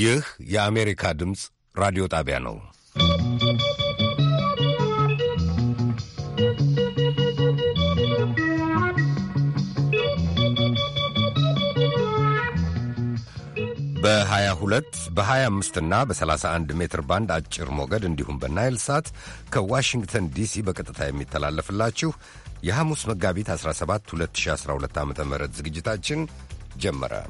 ይህ የአሜሪካ ድምፅ ራዲዮ ጣቢያ ነው። በ22 በ25 እና በ31 ሜትር ባንድ አጭር ሞገድ እንዲሁም በናይል ሳት ከዋሽንግተን ዲሲ በቀጥታ የሚተላለፍላችሁ የሐሙስ መጋቢት 17 2012 ዓ ም ዝግጅታችን ጀመረ።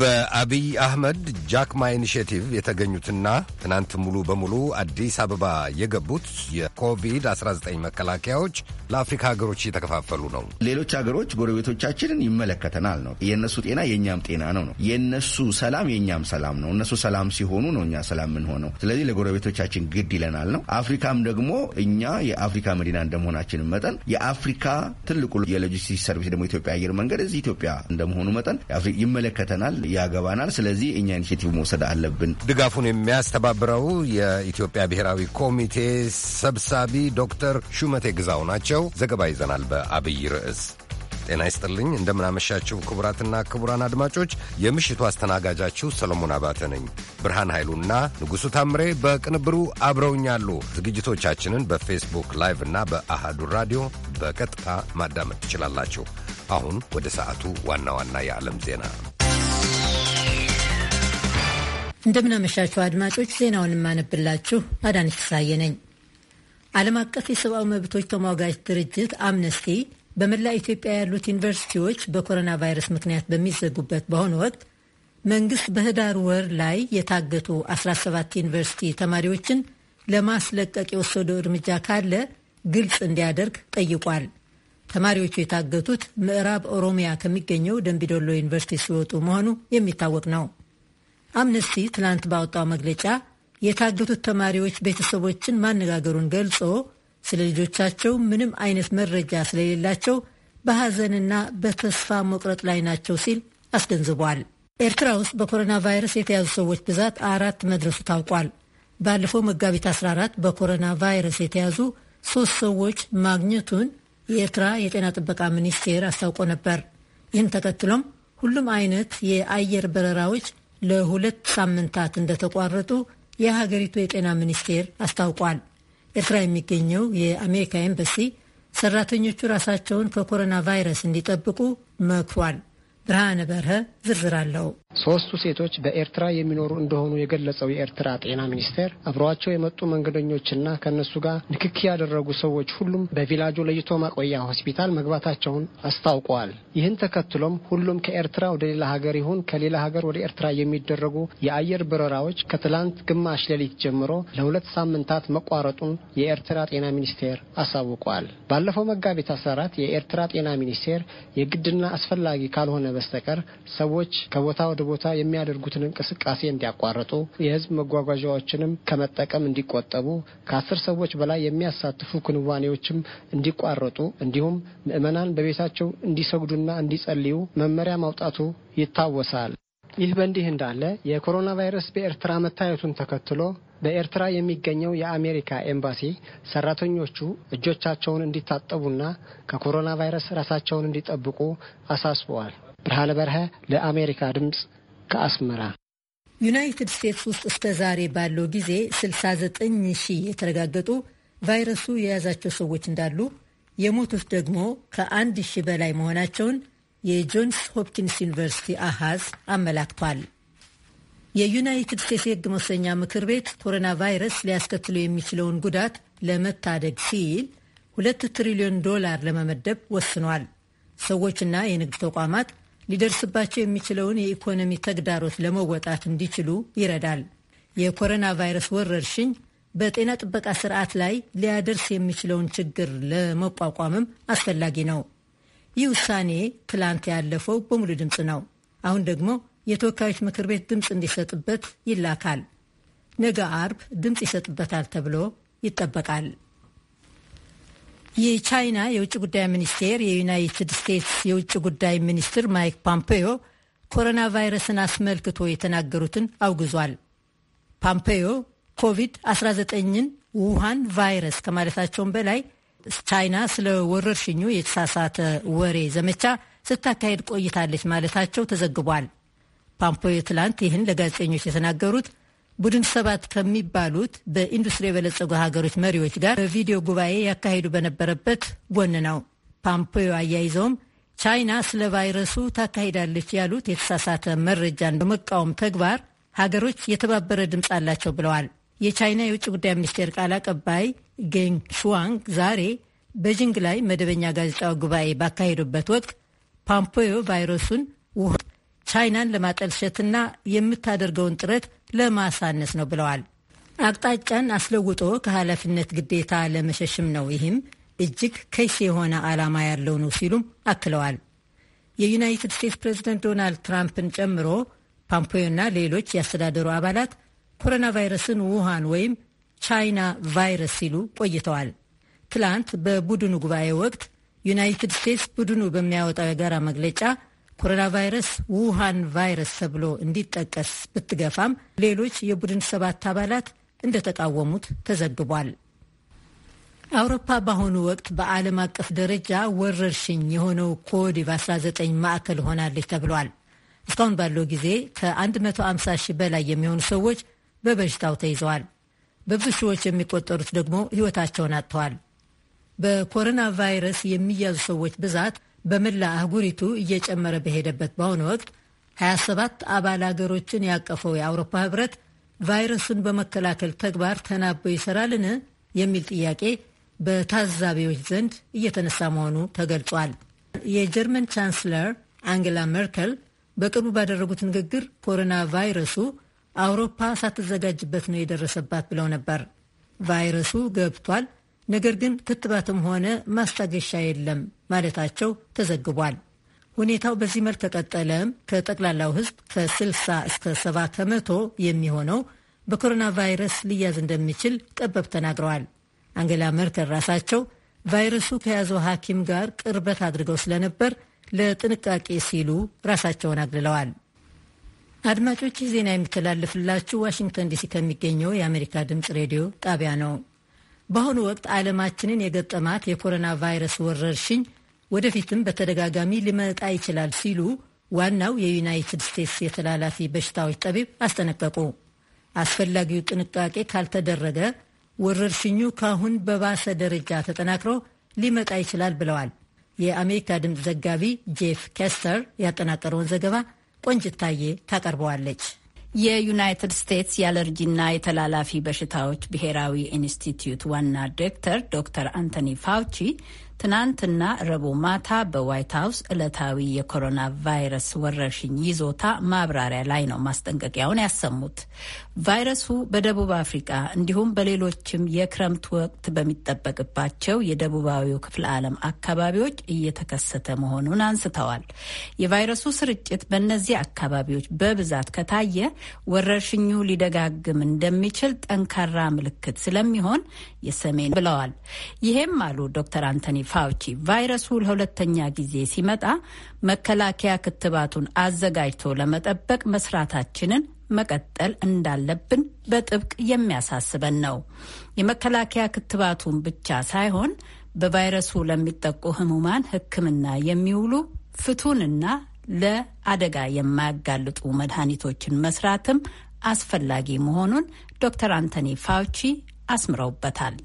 በአቢይ አህመድ ጃክማ ኢኒሽቲቭ የተገኙትና ትናንት ሙሉ በሙሉ አዲስ አበባ የገቡት የኮቪድ-19 መከላከያዎች ለአፍሪካ ሀገሮች እየተከፋፈሉ ነው። ሌሎች ሀገሮች ጎረቤቶቻችንን ይመለከተናል ነው። የእነሱ ጤና የእኛም ጤና ነው ነው። የእነሱ ሰላም የእኛም ሰላም ነው። እነሱ ሰላም ሲሆኑ ነው እኛ ሰላም የምንሆነው። ስለዚህ ለጎረቤቶቻችን ግድ ይለናል ነው። አፍሪካም ደግሞ እኛ የአፍሪካ መዲና እንደመሆናችን መጠን የአፍሪካ ትልቁ የሎጂስቲክስ ሰርቪስ ደግሞ ኢትዮጵያ አየር መንገድ እዚህ ኢትዮጵያ እንደመሆኑ መጠን ይመለከተናል ያገባናል። ስለዚህ እኛ ኢኒሽቲቭ መውሰድ አለብን። ድጋፉን የሚያስተባብረው የኢትዮጵያ ብሔራዊ ኮሚቴ ሰብሳቢ ዶክተር ሹመቴ ግዛው ናቸው። ዘገባ ይዘናል በአብይ ርዕስ። ጤና ይስጥልኝ። እንደምናመሻችሁ ክቡራትና ክቡራን አድማጮች የምሽቱ አስተናጋጃችሁ ሰሎሞን አባተ ነኝ። ብርሃን ኃይሉና ንጉሡ ታምሬ በቅንብሩ አብረውኛሉ። ዝግጅቶቻችንን በፌስቡክ ላይቭ እና በአሃዱ ራዲዮ በቀጥታ ማዳመጥ ትችላላችሁ። አሁን ወደ ሰዓቱ ዋና ዋና የዓለም ዜና እንደምናመሻችሁ አድማጮች፣ ዜናውን የማነብላችሁ አዳነች ፍስሐዬ ነኝ። ዓለም አቀፍ የሰብአዊ መብቶች ተሟጋጅ ድርጅት አምነስቲ በመላ ኢትዮጵያ ያሉት ዩኒቨርሲቲዎች በኮሮና ቫይረስ ምክንያት በሚዘጉበት በአሁኑ ወቅት መንግስት በህዳር ወር ላይ የታገቱ 17 ዩኒቨርሲቲ ተማሪዎችን ለማስለቀቅ የወሰደው እርምጃ ካለ ግልጽ እንዲያደርግ ጠይቋል። ተማሪዎቹ የታገቱት ምዕራብ ኦሮሚያ ከሚገኘው ደንቢዶሎ ዩኒቨርሲቲ ሲወጡ መሆኑ የሚታወቅ ነው። አምነስቲ ትላንት ባወጣው መግለጫ የታገቱት ተማሪዎች ቤተሰቦችን ማነጋገሩን ገልጾ ስለ ልጆቻቸው ምንም አይነት መረጃ ስለሌላቸው በሐዘንና በተስፋ መቁረጥ ላይ ናቸው ሲል አስገንዝቧል። ኤርትራ ውስጥ በኮሮና ቫይረስ የተያዙ ሰዎች ብዛት አራት መድረሱ ታውቋል። ባለፈው መጋቢት 14 በኮሮና ቫይረስ የተያዙ ሶስት ሰዎች ማግኘቱን የኤርትራ የጤና ጥበቃ ሚኒስቴር አስታውቆ ነበር። ይህን ተከትሎም ሁሉም አይነት የአየር በረራዎች ለሁለት ሳምንታት እንደተቋረጡ የሀገሪቱ የጤና ሚኒስቴር አስታውቋል። ኤርትራ የሚገኘው የአሜሪካ ኤምባሲ ሰራተኞቹ ራሳቸውን ከኮሮና ቫይረስ እንዲጠብቁ መክሯል። ብርሃነ በርሀ ዝርዝር አለው። ሶስቱ ሴቶች በኤርትራ የሚኖሩ እንደሆኑ የገለጸው የኤርትራ ጤና ሚኒስቴር አብረዋቸው የመጡ መንገደኞችና ከእነሱ ጋር ንክኪ ያደረጉ ሰዎች ሁሉም በቪላጁ ለይቶ ማቆያ ሆስፒታል መግባታቸውን አስታውቀዋል። ይህን ተከትሎም ሁሉም ከኤርትራ ወደ ሌላ ሀገር ይሁን ከሌላ ሀገር ወደ ኤርትራ የሚደረጉ የአየር በረራዎች ከትላንት ግማሽ ሌሊት ጀምሮ ለሁለት ሳምንታት መቋረጡን የኤርትራ ጤና ሚኒስቴር አሳውቋል። ባለፈው መጋቢት አስራ አራት የኤርትራ ጤና ሚኒስቴር የግድና አስፈላጊ ካልሆነ በስተቀር ሰዎች ከቦታ ወደ ቦታ የሚያደርጉትን እንቅስቃሴ እንዲያቋርጡ፣ የህዝብ መጓጓዣዎችንም ከመጠቀም እንዲቆጠቡ፣ ከአስር ሰዎች በላይ የሚያሳትፉ ክንዋኔዎችም እንዲቋረጡ፣ እንዲሁም ምዕመናን በቤታቸው እንዲሰግዱና እንዲጸልዩ መመሪያ ማውጣቱ ይታወሳል። ይህ በእንዲህ እንዳለ የኮሮና ቫይረስ በኤርትራ መታየቱን ተከትሎ በኤርትራ የሚገኘው የአሜሪካ ኤምባሲ ሰራተኞቹ እጆቻቸውን እንዲታጠቡና ከኮሮና ቫይረስ ራሳቸውን እንዲጠብቁ አሳስበዋል። ብርሃነ በርሀ ለአሜሪካ ድምፅ ከአስመራ። ዩናይትድ ስቴትስ ውስጥ እስከ ዛሬ ባለው ጊዜ 69 ሺህ የተረጋገጡ ቫይረሱ የያዛቸው ሰዎች እንዳሉ የሞቱት ደግሞ ከአንድ ሺህ በላይ መሆናቸውን የጆንስ ሆፕኪንስ ዩኒቨርሲቲ አሃዝ አመላክቷል። የዩናይትድ ስቴትስ የሕግ መወሰኛ ምክር ቤት ኮሮና ቫይረስ ሊያስከትለው የሚችለውን ጉዳት ለመታደግ ሲል ሁለት ትሪሊዮን ዶላር ለመመደብ ወስኗል። ሰዎችና የንግድ ተቋማት ሊደርስባቸው የሚችለውን የኢኮኖሚ ተግዳሮት ለመወጣት እንዲችሉ ይረዳል። የኮሮና ቫይረስ ወረርሽኝ በጤና ጥበቃ ስርዓት ላይ ሊያደርስ የሚችለውን ችግር ለመቋቋምም አስፈላጊ ነው። ይህ ውሳኔ ትላንት ያለፈው በሙሉ ድምፅ ነው። አሁን ደግሞ የተወካዮች ምክር ቤት ድምፅ እንዲሰጥበት ይላካል። ነገ አርብ ድምፅ ይሰጥበታል ተብሎ ይጠበቃል። የቻይና የውጭ ጉዳይ ሚኒስቴር የዩናይትድ ስቴትስ የውጭ ጉዳይ ሚኒስትር ማይክ ፖምፔዮ ኮሮና ቫይረስን አስመልክቶ የተናገሩትን አውግዟል። ፖምፔዮ ኮቪድ-19ን ውሃን ቫይረስ ከማለታቸውም በላይ ቻይና ስለ ወረርሽኙ የተሳሳተ ወሬ ዘመቻ ስታካሄድ ቆይታለች ማለታቸው ተዘግቧል። ፖምፔዮ ትላንት ይህን ለጋዜጠኞች የተናገሩት ቡድን ሰባት ከሚባሉት በኢንዱስትሪ የበለጸጉ ሀገሮች መሪዎች ጋር በቪዲዮ ጉባኤ ያካሄዱ በነበረበት ጎን ነው። ፓምፖዮ አያይዘውም ቻይና ስለ ቫይረሱ ታካሂዳለች ያሉት የተሳሳተ መረጃን በመቃወም ተግባር ሀገሮች የተባበረ ድምፅ አላቸው ብለዋል። የቻይና የውጭ ጉዳይ ሚኒስቴር ቃል አቀባይ ጌንግ ሹዋንግ ዛሬ በጂንግ ላይ መደበኛ ጋዜጣዊ ጉባኤ ባካሄዱበት ወቅት ፓምፖዮ ቫይረሱን ውሃ ቻይናን ለማጠልሸትና የምታደርገውን ጥረት ለማሳነስ ነው ብለዋል። አቅጣጫን አስለውጦ ከኃላፊነት ግዴታ ለመሸሽም ነው። ይህም እጅግ ከይሲ የሆነ ዓላማ ያለው ነው ሲሉም አክለዋል። የዩናይትድ ስቴትስ ፕሬዝደንት ዶናልድ ትራምፕን ጨምሮ ፓምፖዮና ሌሎች ያስተዳደሩ አባላት ኮሮና ቫይረስን ውሃን ወይም ቻይና ቫይረስ ሲሉ ቆይተዋል። ትላንት በቡድኑ ጉባኤ ወቅት ዩናይትድ ስቴትስ ቡድኑ በሚያወጣው የጋራ መግለጫ ኮሮና ቫይረስ ውሃን ቫይረስ ተብሎ እንዲጠቀስ ብትገፋም ሌሎች የቡድን ሰባት አባላት እንደተቃወሙት ተዘግቧል። አውሮፓ በአሁኑ ወቅት በዓለም አቀፍ ደረጃ ወረርሽኝ የሆነው ኮቪድ 19 ማዕከል ሆናለች ተብሏል። እስካሁን ባለው ጊዜ ከ150 ሺህ በላይ የሚሆኑ ሰዎች በበሽታው ተይዘዋል። በብዙ ሺዎች የሚቆጠሩት ደግሞ ሕይወታቸውን አጥተዋል። በኮሮና ቫይረስ የሚያዙ ሰዎች ብዛት በመላ አህጉሪቱ እየጨመረ በሄደበት በአሁኑ ወቅት 27 አባል አገሮችን ያቀፈው የአውሮፓ ህብረት ቫይረሱን በመከላከል ተግባር ተናቦ ይሰራልን የሚል ጥያቄ በታዛቢዎች ዘንድ እየተነሳ መሆኑ ተገልጿል። የጀርመን ቻንስለር አንጌላ ሜርከል በቅርቡ ባደረጉት ንግግር ኮሮና ቫይረሱ አውሮፓ ሳትዘጋጅበት ነው የደረሰባት ብለው ነበር። ቫይረሱ ገብቷል፣ ነገር ግን ክትባትም ሆነ ማስታገሻ የለም ማለታቸው ተዘግቧል። ሁኔታው በዚህ መልክ ከቀጠለም ከጠቅላላው ሕዝብ ከ60 እስከ 70 ከመቶ የሚሆነው በኮሮና ቫይረስ ሊያዝ እንደሚችል ጠበብ ተናግረዋል። አንገላ መርከል ራሳቸው ቫይረሱ ከያዘው ሐኪም ጋር ቅርበት አድርገው ስለነበር ለጥንቃቄ ሲሉ ራሳቸውን አግልለዋል። አድማጮች ዜና የሚተላለፍላችሁ ዋሽንግተን ዲሲ ከሚገኘው የአሜሪካ ድምፅ ሬዲዮ ጣቢያ ነው። በአሁኑ ወቅት ዓለማችንን የገጠማት የኮሮና ቫይረስ ወረርሽኝ ወደፊትም በተደጋጋሚ ሊመጣ ይችላል ሲሉ ዋናው የዩናይትድ ስቴትስ የተላላፊ በሽታዎች ጠቢብ አስጠነቀቁ። አስፈላጊው ጥንቃቄ ካልተደረገ ወረርሽኙ ካሁን በባሰ ደረጃ ተጠናክሮ ሊመጣ ይችላል ብለዋል። የአሜሪካ ድምፅ ዘጋቢ ጄፍ ኬስተር ያጠናቀረውን ዘገባ ቆንጅታዬ ታቀርበዋለች። የዩናይትድ ስቴትስ የአለርጂና የተላላፊ በሽታዎች ብሔራዊ ኢንስቲትዩት ዋና ዲሬክተር ዶክተር አንቶኒ ፋውቺ ትናንትና ረቡዕ ማታ በዋይት ሀውስ ዕለታዊ የኮሮና ቫይረስ ወረርሽኝ ይዞታ ማብራሪያ ላይ ነው ማስጠንቀቂያውን ያሰሙት። ቫይረሱ በደቡብ አፍሪቃ እንዲሁም በሌሎችም የክረምት ወቅት በሚጠበቅባቸው የደቡባዊው ክፍለ ዓለም አካባቢዎች እየተከሰተ መሆኑን አንስተዋል። የቫይረሱ ስርጭት በእነዚህ አካባቢዎች በብዛት ከታየ ወረርሽኙ ሊደጋግም እንደሚችል ጠንካራ ምልክት ስለሚሆን የሰሜን ብለዋል። ይሄም አሉ ዶክተር አንቶኒ ፋውቺ ቫይረሱ ለሁለተኛ ጊዜ ሲመጣ መከላከያ ክትባቱን አዘጋጅቶ ለመጠበቅ መስራታችንን መቀጠል እንዳለብን በጥብቅ የሚያሳስበን ነው። የመከላከያ ክትባቱን ብቻ ሳይሆን በቫይረሱ ለሚጠቁ ህሙማን ሕክምና የሚውሉ ፍቱንና ለአደጋ የማያጋልጡ መድኃኒቶችን መስራትም አስፈላጊ መሆኑን ዶክተር አንቶኒ ፋውቺ አስምረውበታል።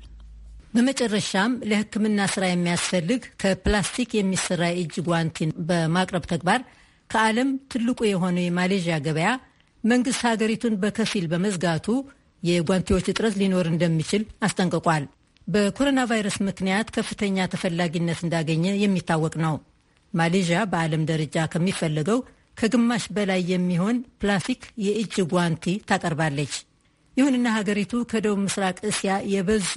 በመጨረሻም ለሕክምና ስራ የሚያስፈልግ ከፕላስቲክ የሚሰራ የእጅ ጓንቲን በማቅረብ ተግባር ከዓለም ትልቁ የሆነው የማሌዥያ ገበያ መንግስት ሀገሪቱን በከፊል በመዝጋቱ የጓንቲዎች እጥረት ሊኖር እንደሚችል አስጠንቅቋል። በኮሮና ቫይረስ ምክንያት ከፍተኛ ተፈላጊነት እንዳገኘ የሚታወቅ ነው። ማሌዥያ በዓለም ደረጃ ከሚፈለገው ከግማሽ በላይ የሚሆን ፕላስቲክ የእጅ ጓንቲ ታቀርባለች። ይሁንና ሀገሪቱ ከደቡብ ምስራቅ እስያ የበዙ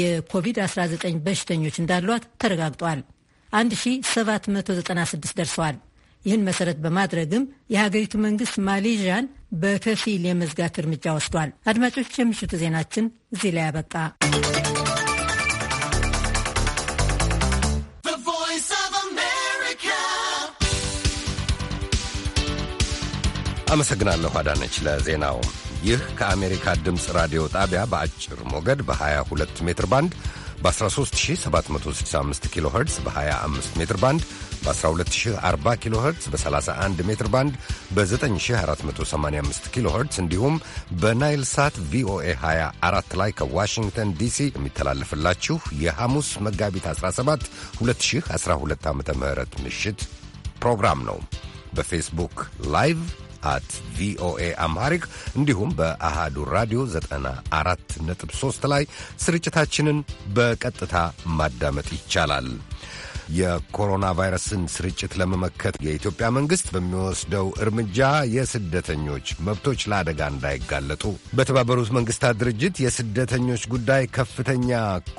የኮቪድ-19 በሽተኞች እንዳሏት ተረጋግጧል። 1796 ደርሰዋል። ይህን መሰረት በማድረግም የሀገሪቱ መንግስት ማሌዥያን በከፊል የመዝጋት እርምጃ ወስዷል። አድማጮች፣ የምሽቱ ዜናችን እዚህ ላይ አበቃ። አመሰግናለሁ አዳነች ለዜናው። ይህ ከአሜሪካ ድምፅ ራዲዮ ጣቢያ በአጭር ሞገድ በ22 ሜትር ባንድ በ13765 ኪሎ ኸርትዝ በ25 ሜትር ባንድ በ1240 ኪሎ ኸርትዝ በ31 ሜትር ባንድ በ9485 ኪሎ ኸርትዝ እንዲሁም በናይል ሳት ቪኦኤ 24 ላይ ከዋሽንግተን ዲሲ የሚተላለፍላችሁ የሐሙስ መጋቢት 17 2012 ዓ ም ምሽት ፕሮግራም ነው። በፌስቡክ ላይቭ አት ቪኦኤ አምሃሪክ እንዲሁም በአሃዱ ራዲዮ 94.3 ላይ ስርጭታችንን በቀጥታ ማዳመጥ ይቻላል። የኮሮና ቫይረስን ስርጭት ለመመከት የኢትዮጵያ መንግስት በሚወስደው እርምጃ የስደተኞች መብቶች ለአደጋ እንዳይጋለጡ በተባበሩት መንግስታት ድርጅት የስደተኞች ጉዳይ ከፍተኛ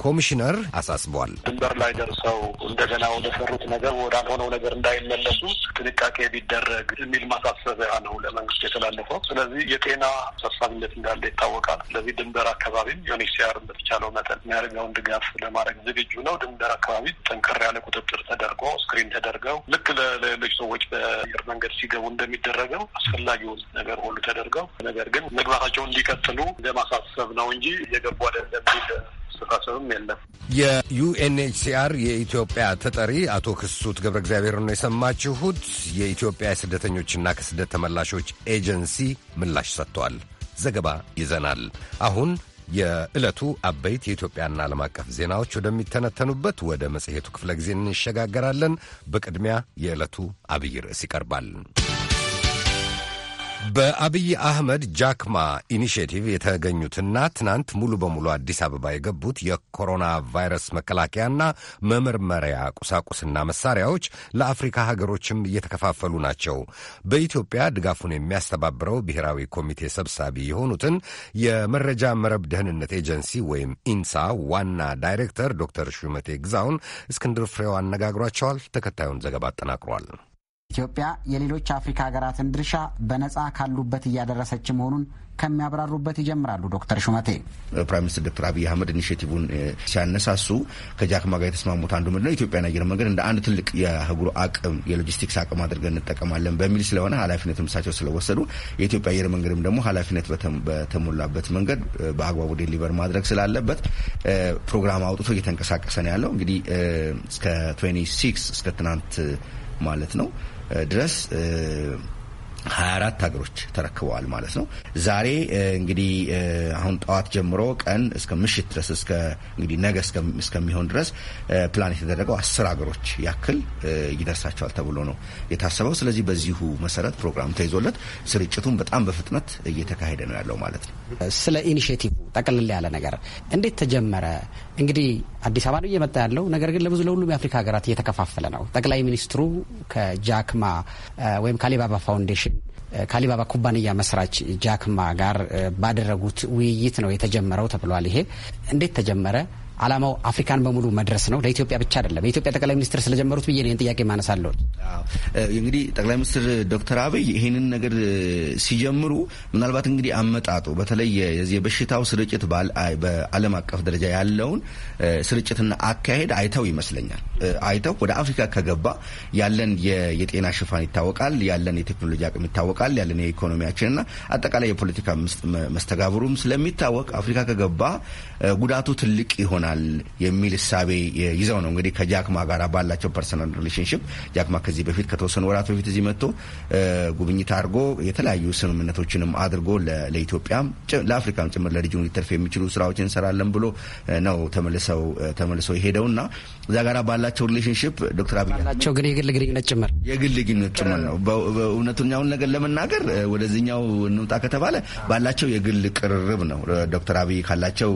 ኮሚሽነር አሳስበዋል። ድንበር ላይ ደርሰው እንደገና ወደሰሩት ነገር ወዳልሆነው ነገር እንዳይመለሱ ጥንቃቄ ቢደረግ የሚል ማሳሰቢያ ነው ለመንግስት የተላለፈው። ስለዚህ የጤና አሳሳቢነት እንዳለ ይታወቃል። ስለዚህ ድንበር አካባቢም ዩኒሲያር በተቻለው መጠን የሚያደርገውን ድጋፍ ለማድረግ ዝግጁ ነው። ድንበር አካባቢ ጠንከር ያለ ቁጥጥር ተደርጎ ስክሪን ተደርገው ልክ ለሌሎች ሰዎች በአየር መንገድ ሲገቡ እንደሚደረገው አስፈላጊውን ነገር ሁሉ ተደርገው ነገር ግን መግባታቸውን እንዲቀጥሉ ለማሳሰብ ነው እንጂ እየገቡ አይደለም አስተሳሰብም የለም። የዩኤንኤችሲአር የኢትዮጵያ ተጠሪ አቶ ክሱት ገብረ እግዚአብሔር ነው የሰማችሁት። የኢትዮጵያ የስደተኞችና ከስደት ተመላሾች ኤጀንሲ ምላሽ ሰጥቷል። ዘገባ ይዘናል። አሁን የዕለቱ አበይት የኢትዮጵያና ዓለም አቀፍ ዜናዎች ወደሚተነተኑበት ወደ መጽሔቱ ክፍለ ጊዜ እንሸጋገራለን። በቅድሚያ የዕለቱ አብይ ርዕስ ይቀርባል። በአብይ አህመድ ጃክማ ኢኒሽቲቭ የተገኙትና ትናንት ሙሉ በሙሉ አዲስ አበባ የገቡት የኮሮና ቫይረስ መከላከያና መመርመሪያ ቁሳቁስና መሳሪያዎች ለአፍሪካ ሀገሮችም እየተከፋፈሉ ናቸው። በኢትዮጵያ ድጋፉን የሚያስተባብረው ብሔራዊ ኮሚቴ ሰብሳቢ የሆኑትን የመረጃ መረብ ደህንነት ኤጀንሲ ወይም ኢንሳ ዋና ዳይሬክተር ዶክተር ሹመቴ ግዛውን እስክንድር ፍሬው አነጋግሯቸዋል። ተከታዩን ዘገባ አጠናቅሯል። ኢትዮጵያ የሌሎች አፍሪካ ሀገራትን ድርሻ በነጻ ካሉበት እያደረሰች መሆኑን ከሚያብራሩበት ይጀምራሉ ዶክተር ሹመቴ። ፕራይም ሚኒስትር ዶክተር አብይ አህመድ ኢኒሽቲቭን ሲያነሳሱ ከጃክማ ጋር የተስማሙት አንዱ ምንድነው ኢትዮጵያን አየር መንገድ እንደ አንድ ትልቅ የህጉሩ አቅም የሎጂስቲክስ አቅም አድርገን እንጠቀማለን በሚል ስለሆነ ኃላፊነትም እሳቸው ስለወሰዱ የኢትዮጵያ አየር መንገድም ደግሞ ኃላፊነት በተሞላበት መንገድ በአግባቡ ዴሊቨር ማድረግ ስላለበት ፕሮግራም አውጥቶ እየተንቀሳቀሰ ነው ያለው። እንግዲህ እስከ እስከ ትናንት ማለት ነው ድረስ 24 ሀገሮች ተረክበዋል ማለት ነው። ዛሬ እንግዲህ አሁን ጠዋት ጀምሮ ቀን እስከ ምሽት ድረስ እስከ እንግዲህ ነገ እስከሚሆን ድረስ ፕላን የተደረገው አስር ሀገሮች ያክል ይደርሳቸዋል ተብሎ ነው የታሰበው። ስለዚህ በዚሁ መሰረት ፕሮግራም ተይዞለት ስርጭቱን በጣም በፍጥነት እየተካሄደ ነው ያለው ማለት ነው። ስለ ኢኒሽቲቭ ጠቅልል ያለ ነገር እንዴት ተጀመረ? እንግዲህ አዲስ አበባ ነው እየመጣ ያለው። ነገር ግን ለብዙ ለሁሉም የአፍሪካ ሀገራት እየተከፋፈለ ነው። ጠቅላይ ሚኒስትሩ ከጃክማ ወይም ከአሊባባ ፋውንዴሽን ከአሊባባ ኩባንያ መስራች ጃክማ ጋር ባደረጉት ውይይት ነው የተጀመረው ተብሏል። ይሄ እንዴት ተጀመረ? አላማው አፍሪካን በሙሉ መድረስ ነው። ለኢትዮጵያ ብቻ አይደለም። የኢትዮጵያ ጠቅላይ ሚኒስትር ስለጀመሩት ብዬ ይህን ጥያቄ ማነሳለሁ። እንግዲህ ጠቅላይ ሚኒስትር ዶክተር አብይ ይህንን ነገር ሲጀምሩ ምናልባት እንግዲህ አመጣጡ በተለይ የበሽታው ስርጭት በዓለም አቀፍ ደረጃ ያለውን ስርጭትና አካሄድ አይተው ይመስለኛል አይተው ወደ አፍሪካ ከገባ ያለን የጤና ሽፋን ይታወቃል፣ ያለን የቴክኖሎጂ አቅም ይታወቃል፣ ያለን የኢኮኖሚያችንና አጠቃላይ የፖለቲካ መስተጋብሩም ስለሚታወቅ አፍሪካ ከገባ ጉዳቱ ትልቅ ይሆናል ይሆናል የሚል እሳቤ ይዘው ነው እንግዲህ ከጃክማ ጋር ባላቸው ፐርሰናል ሪሌሽንሽፕ ጃክማ ከዚህ በፊት ከተወሰኑ ወራት በፊት እዚህ መጥቶ ጉብኝት አድርጎ የተለያዩ ስምምነቶችንም አድርጎ ለኢትዮጵያም ለአፍሪካም ጭምር ለሪጅኑ ሊተርፍ የሚችሉ ስራዎች እንሰራለን ብሎ ነው ተመልሰው ተመልሰው የሄደው እና እዛ ጋር ባላቸው ሪሌሽንሽፕ ዶክተር አብይ ናቸው ግን የግል ግንኙነት ጭምር የግል ግንኙነት ጭምር ነው። እውነተኛውን ነገር ለመናገር ወደዚኛው እንውጣ ከተባለ ባላቸው የግል ቅርርብ ነው ዶክተር አብይ ካላቸው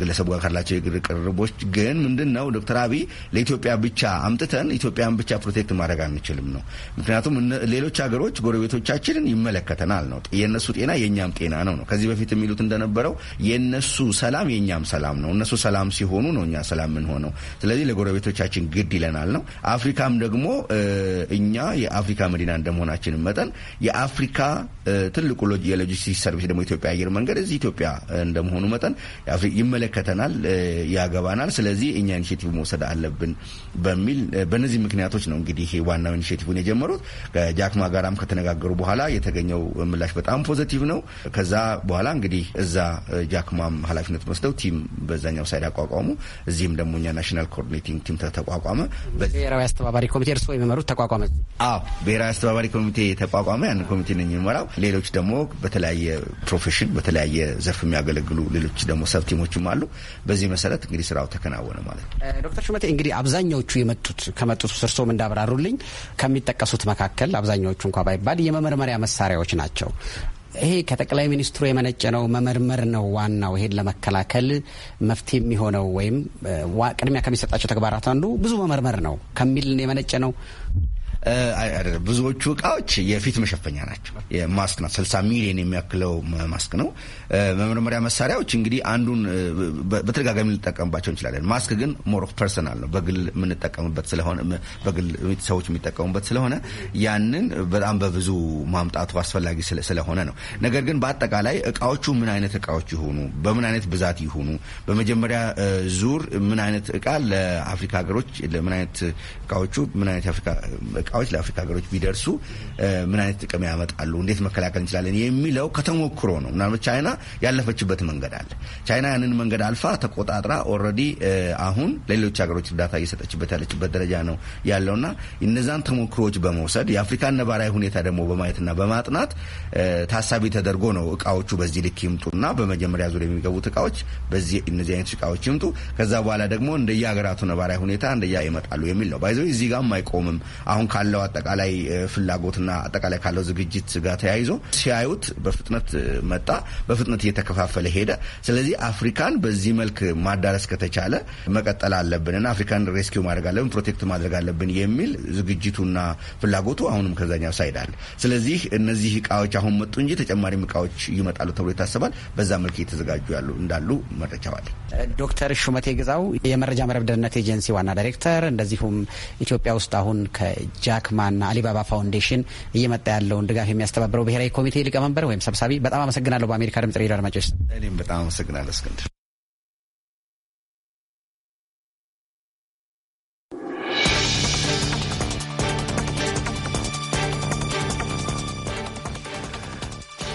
ግለሰቡ ጋር ካላቸው የግር ቅርቦች ግን ምንድን ነው ዶክተር አብይ ለኢትዮጵያ ብቻ አምጥተን ኢትዮጵያን ብቻ ፕሮቴክት ማድረግ አንችልም ነው። ምክንያቱም ሌሎች ሀገሮች ጎረቤቶቻችንን ይመለከተናል ነው። የእነሱ ጤና የእኛም ጤና ነው ነው። ከዚህ በፊት የሚሉት እንደነበረው የእነሱ ሰላም የእኛም ሰላም ነው። እነሱ ሰላም ሲሆኑ ነው እኛ ሰላም ምንሆነው። ስለዚህ ለጎረቤቶቻችን ግድ ይለናል ነው። አፍሪካም ደግሞ እኛ የአፍሪካ መዲና እንደመሆናችን መጠን የአፍሪካ ትልቁ የሎጂስቲክስ ሰርቪስ ደግሞ ኢትዮጵያ አየር መንገድ እዚህ ኢትዮጵያ እንደመሆኑ መጠን ይመለከተናል፣ ያገባናል። ስለዚህ እኛ ኢኒሽቲቭ መውሰድ አለብን በሚል በእነዚህ ምክንያቶች ነው እንግዲህ ዋናው ኢኒሽቲቭን የጀመሩት። ከጃክማ ጋራም ከተነጋገሩ በኋላ የተገኘው ምላሽ በጣም ፖዘቲቭ ነው። ከዛ በኋላ እንግዲህ እዛ ጃክማም ኃላፊነት ወስደው ቲም በዛኛው ሳይድ አቋቋሙ። እዚህም ደግሞ እኛ ናሽናል ኮኦርዲኔቲንግ ቲም ተቋቋመ። ብሔራዊ አስተባባሪ ኮሚቴ እርስዎ የሚመሩት ተቋቋመ? አዎ ብሔራዊ አስተባባሪ ኮሚቴ ተቋቋመ። ያን ኮሚቴ ነው የሚመራው። ሌሎች ደግሞ በተለያየ ፕሮፌሽን በተለያየ ዘርፍ የሚያገለግሉ ሌሎች ደግሞ ሰብ ነገሮችም አሉ። በዚህ መሰረት እንግዲህ ስራው ተከናወነ ማለት ነው። ዶክተር ሹመቴ እንግዲህ አብዛኛዎቹ የመጡት ከመጡት እርስዎም እንዳብራሩልኝ ከሚጠቀሱት መካከል አብዛኛዎቹ እንኳ ባይባል የመመርመሪያ መሳሪያዎች ናቸው። ይሄ ከጠቅላይ ሚኒስትሩ የመነጨ ነው። መመርመር ነው ዋናው፣ ይሄን ለመከላከል መፍትሄ የሚሆነው ወይም ቅድሚያ ከሚሰጣቸው ተግባራት አንዱ ብዙ መመርመር ነው ከሚል የመነጨ ነው። ብዙዎቹ እቃዎች የፊት መሸፈኛ ናቸው። ማስክ ነው፣ 60 ሚሊዮን የሚያክለው ማስክ ነው። መመርመሪያ መሳሪያዎች እንግዲህ አንዱን በተደጋጋሚ ልንጠቀምባቸው እንችላለን። ማስክ ግን ሞር ፐርሰናል ነው። በግል የምንጠቀምበት ስለሆነ በግል ሰዎች የሚጠቀሙበት ስለሆነ ያንን በጣም በብዙ ማምጣቱ አስፈላጊ ስለሆነ ነው። ነገር ግን በአጠቃላይ እቃዎቹ ምን አይነት እቃዎች ይሆኑ፣ በምን አይነት ብዛት ይሆኑ፣ በመጀመሪያ ዙር ምን አይነት እቃ ለአፍሪካ ሀገሮች፣ ምን አይነት እቃዎቹ ምን አይነት የአፍሪካ እቃዎች ለአፍሪካ ሀገሮች ቢደርሱ ምን አይነት ጥቅም ያመጣሉ፣ እንዴት መከላከል እንችላለን የሚለው ከተሞክሮ ነው። ምናልባት ቻይና ያለፈችበት መንገድ አለ። ቻይና ያንን መንገድ አልፋ ተቆጣጥራ ኦልሬዲ አሁን ለሌሎች ሀገሮች እርዳታ እየሰጠችበት ያለችበት ደረጃ ነው ያለውና እነዛን ተሞክሮዎች በመውሰድ የአፍሪካን ነባራዊ ሁኔታ ደግሞ በማየትና በማጥናት ታሳቢ ተደርጎ ነው እቃዎቹ በዚህ ልክ ይምጡና በመጀመሪያ ዙር የሚገቡት እቃዎች በዚህ እነዚህ አይነት እቃዎች ይምጡ። ከዛ በኋላ ደግሞ እንደየ ሀገራቱ ነባራዊ ሁኔታ እንደያ ይመጣሉ የሚል ነው። ባይዘ እዚህ ጋርም አይቆምም አሁን ካለው አጠቃላይ ፍላጎትና አጠቃላይ ካለው ዝግጅት ጋር ተያይዞ ሲያዩት በፍጥነት መጣ፣ በፍጥነት እየተከፋፈለ ሄደ። ስለዚህ አፍሪካን በዚህ መልክ ማዳረስ ከተቻለ መቀጠል አለብን አፍሪካን ሬስኪው ማድረግ አለብን፣ ፕሮቴክት ማድረግ አለብን የሚል ዝግጅቱና ፍላጎቱ አሁንም ከዛኛው ሳይዳል። ስለዚህ እነዚህ እቃዎች አሁን መጡ እንጂ ተጨማሪም እቃዎች ይመጣሉ ተብሎ ይታሰባል። በዛ መልክ እየተዘጋጁ ያሉ እንዳሉ መረጃዋል። ዶክተር ሹመቴ ግዛው የመረጃ መረብ ደህንነት ኤጀንሲ ዋና ዳይሬክተር እንደዚሁም ኢትዮጵያ ውስጥ አሁን ከጀ ጃክማና አሊባባ ፋውንዴሽን እየመጣ ያለውን ድጋፍ የሚያስተባብረው ብሔራዊ ኮሚቴ ሊቀመንበር ወይም ሰብሳቢ፣ በጣም አመሰግናለሁ። በአሜሪካ ድምጽ ሬዲዮ አድማጮች እኔም በጣም አመሰግናለሁ እስክንድር።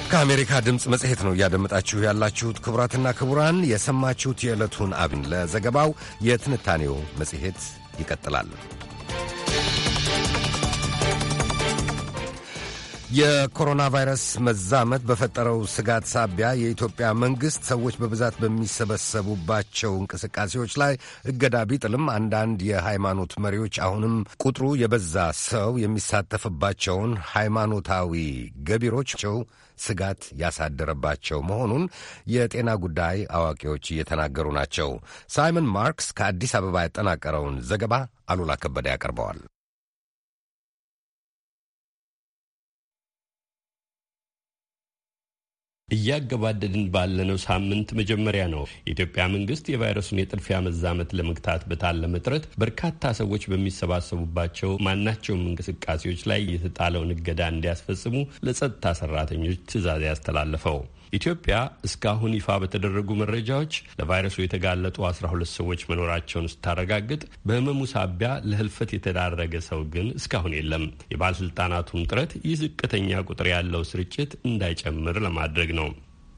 ከአሜሪካ ድምፅ መጽሔት ነው እያደመጣችሁ ያላችሁት። ክቡራትና ክቡራን የሰማችሁት የዕለቱን አብን ለዘገባው የትንታኔው መጽሔት ይቀጥላል። የኮሮና ቫይረስ መዛመት በፈጠረው ስጋት ሳቢያ የኢትዮጵያ መንግሥት ሰዎች በብዛት በሚሰበሰቡባቸው እንቅስቃሴዎች ላይ እገዳ ቢጥልም አንዳንድ የሃይማኖት መሪዎች አሁንም ቁጥሩ የበዛ ሰው የሚሳተፍባቸውን ሃይማኖታዊ ገቢሮቸው ስጋት ያሳደረባቸው መሆኑን የጤና ጉዳይ አዋቂዎች እየተናገሩ ናቸው። ሳይመን ማርክስ ከአዲስ አበባ ያጠናቀረውን ዘገባ አሉላ ከበደ ያቀርበዋል። እያገባደድን ባለነው ሳምንት መጀመሪያ ነው የኢትዮጵያ መንግስት የቫይረሱን የጥድፊያ መዛመት ለመግታት በታለመ ጥረት በርካታ ሰዎች በሚሰባሰቡባቸው ማናቸውም እንቅስቃሴዎች ላይ የተጣለውን እገዳ እንዲያስፈጽሙ ለጸጥታ ሰራተኞች ትዕዛዝ ያስተላለፈው። ኢትዮጵያ እስካሁን ይፋ በተደረጉ መረጃዎች ለቫይረሱ የተጋለጡ 12 ሰዎች መኖራቸውን ስታረጋግጥ በህመሙ ሳቢያ ለህልፈት የተዳረገ ሰው ግን እስካሁን የለም። የባለስልጣናቱም ጥረት ይህ ዝቅተኛ ቁጥር ያለው ስርጭት እንዳይጨምር ለማድረግ ነው።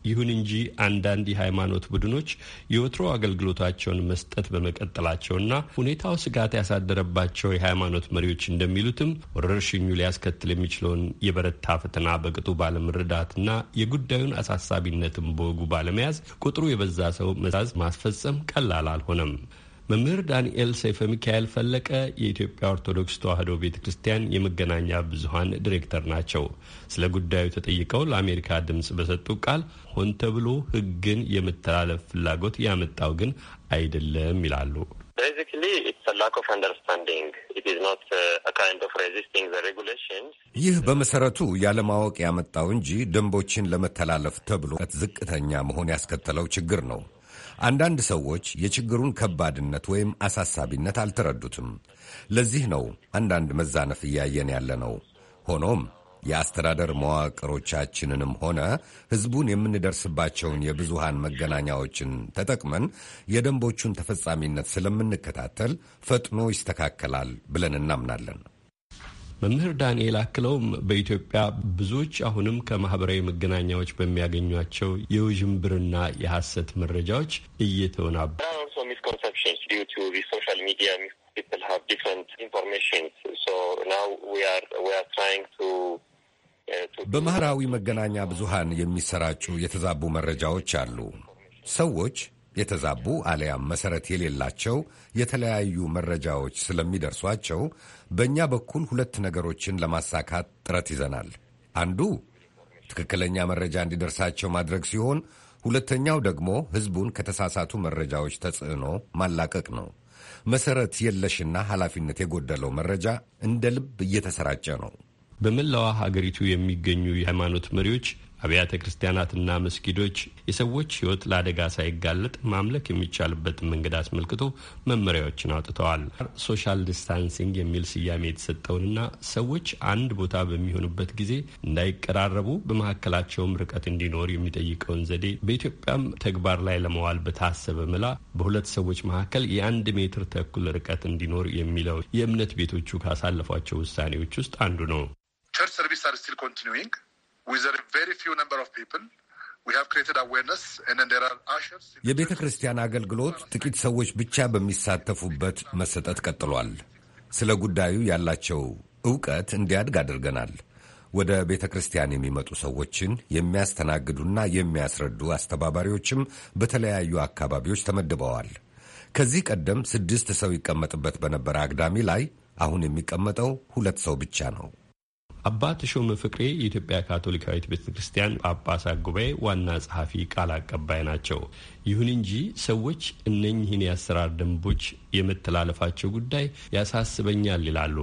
ይሁን እንጂ አንዳንድ የሃይማኖት ቡድኖች የወትሮ አገልግሎታቸውን መስጠት በመቀጠላቸውና ሁኔታው ስጋት ያሳደረባቸው የሃይማኖት መሪዎች እንደሚሉትም ወረርሽኙ ሊያስከትል የሚችለውን የበረታ ፈተና በቅጡ ባለመረዳትና የጉዳዩን አሳሳቢነትም በወጉ ባለመያዝ ቁጥሩ የበዛ ሰው መዛዝ ማስፈጸም ቀላል አልሆነም። መምህር ዳንኤል ሰይፈ ሚካኤል ፈለቀ የኢትዮጵያ ኦርቶዶክስ ተዋሕዶ ቤተ ክርስቲያን የመገናኛ ብዙኃን ዲሬክተር ናቸው። ስለ ጉዳዩ ተጠይቀው ለአሜሪካ ድምፅ በሰጡ ቃል ሆን ተብሎ ሕግን የመተላለፍ ፍላጎት ያመጣው ግን አይደለም ይላሉ። ይህ በመሰረቱ ያለማወቅ ያመጣው እንጂ ደንቦችን ለመተላለፍ ተብሎ ዝቅተኛ መሆን ያስከተለው ችግር ነው። አንዳንድ ሰዎች የችግሩን ከባድነት ወይም አሳሳቢነት አልተረዱትም። ለዚህ ነው አንዳንድ መዛነፍ እያየን ያለ ነው። ሆኖም የአስተዳደር መዋቅሮቻችንንም ሆነ ሕዝቡን የምንደርስባቸውን የብዙሃን መገናኛዎችን ተጠቅመን የደንቦቹን ተፈጻሚነት ስለምንከታተል ፈጥኖ ይስተካከላል ብለን እናምናለን። መምህር ዳንኤል አክለውም በኢትዮጵያ ብዙዎች አሁንም ከማህበራዊ መገናኛዎች በሚያገኟቸው የውዥንብርና የሐሰት መረጃዎች እየተወናቡ uh, በማህበራዊ መገናኛ ብዙሃን የሚሰራጩ የተዛቡ መረጃዎች አሉ። ሰዎች የተዛቡ አሊያም መሰረት የሌላቸው የተለያዩ መረጃዎች ስለሚደርሷቸው በእኛ በኩል ሁለት ነገሮችን ለማሳካት ጥረት ይዘናል። አንዱ ትክክለኛ መረጃ እንዲደርሳቸው ማድረግ ሲሆን፣ ሁለተኛው ደግሞ ሕዝቡን ከተሳሳቱ መረጃዎች ተጽዕኖ ማላቀቅ ነው። መሰረት የለሽና ኃላፊነት የጎደለው መረጃ እንደ ልብ እየተሰራጨ ነው። በመላዋ ሀገሪቱ የሚገኙ የሃይማኖት መሪዎች አብያተ ክርስቲያናትና መስጊዶች የሰዎች ሕይወት ለአደጋ ሳይጋለጥ ማምለክ የሚቻልበትን መንገድ አስመልክቶ መመሪያዎችን አውጥተዋል። ሶሻል ዲስታንሲንግ የሚል ስያሜ የተሰጠውንና ሰዎች አንድ ቦታ በሚሆኑበት ጊዜ እንዳይቀራረቡ በመካከላቸውም ርቀት እንዲኖር የሚጠይቀውን ዘዴ በኢትዮጵያም ተግባር ላይ ለመዋል በታሰበ መላ በሁለት ሰዎች መካከል የአንድ ሜትር ተኩል ርቀት እንዲኖር የሚለው የእምነት ቤቶቹ ካሳለፏቸው ውሳኔዎች ውስጥ አንዱ ነው። ቸርች ሰርቪስ አር ስቲል ኮንቲኒዊንግ የቤተ ክርስቲያን አገልግሎት ጥቂት ሰዎች ብቻ በሚሳተፉበት መሰጠት ቀጥሏል። ስለ ጉዳዩ ያላቸው እውቀት እንዲያድግ አድርገናል። ወደ ቤተ ክርስቲያን የሚመጡ ሰዎችን የሚያስተናግዱና የሚያስረዱ አስተባባሪዎችም በተለያዩ አካባቢዎች ተመድበዋል። ከዚህ ቀደም ስድስት ሰው ይቀመጥበት በነበረ አግዳሚ ላይ አሁን የሚቀመጠው ሁለት ሰው ብቻ ነው። አባ ተሾመ ፍቅሬ የኢትዮጵያ ካቶሊካዊት ቤተ ክርስቲያን ጳጳሳት ጉባኤ ዋና ጸሐፊ ቃል አቀባይ ናቸው። ይሁን እንጂ ሰዎች እነኝህን የአሰራር ደንቦች የመተላለፋቸው ጉዳይ ያሳስበኛል ይላሉ።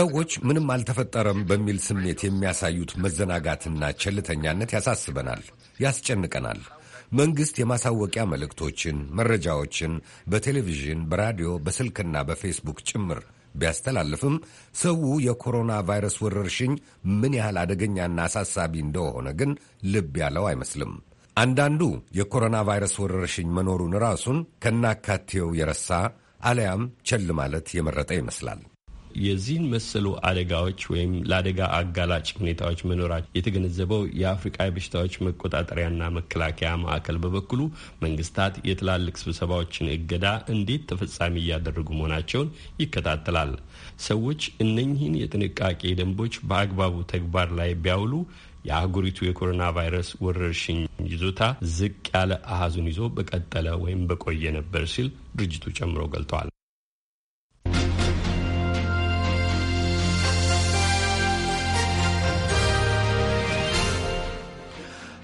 ሰዎች ምንም አልተፈጠረም በሚል ስሜት የሚያሳዩት መዘናጋትና ቸልተኛነት ያሳስበናል፣ ያስጨንቀናል። መንግሥት የማሳወቂያ መልእክቶችን፣ መረጃዎችን በቴሌቪዥን በራዲዮ በስልክና በፌስቡክ ጭምር ቢያስተላልፍም ሰው የኮሮና ቫይረስ ወረርሽኝ ምን ያህል አደገኛና አሳሳቢ እንደሆነ ግን ልብ ያለው አይመስልም። አንዳንዱ የኮሮና ቫይረስ ወረርሽኝ መኖሩን ራሱን ከናካቴው የረሳ አለያም ቸል ማለት የመረጠ ይመስላል። የዚህን መሰሉ አደጋዎች ወይም ለአደጋ አጋላጭ ሁኔታዎች መኖራቸው የተገነዘበው የአፍሪቃ የበሽታዎች መቆጣጠሪያና መከላከያ ማዕከል በበኩሉ መንግስታት የትላልቅ ስብሰባዎችን እገዳ እንዴት ተፈጻሚ እያደረጉ መሆናቸውን ይከታተላል። ሰዎች እነኚህን የጥንቃቄ ደንቦች በአግባቡ ተግባር ላይ ቢያውሉ የአህጉሪቱ የኮሮና ቫይረስ ወረርሽኝ ይዞታ ዝቅ ያለ አሃዙን ይዞ በቀጠለ ወይም በቆየ ነበር ሲል ድርጅቱ ጨምሮ ገልጠዋል።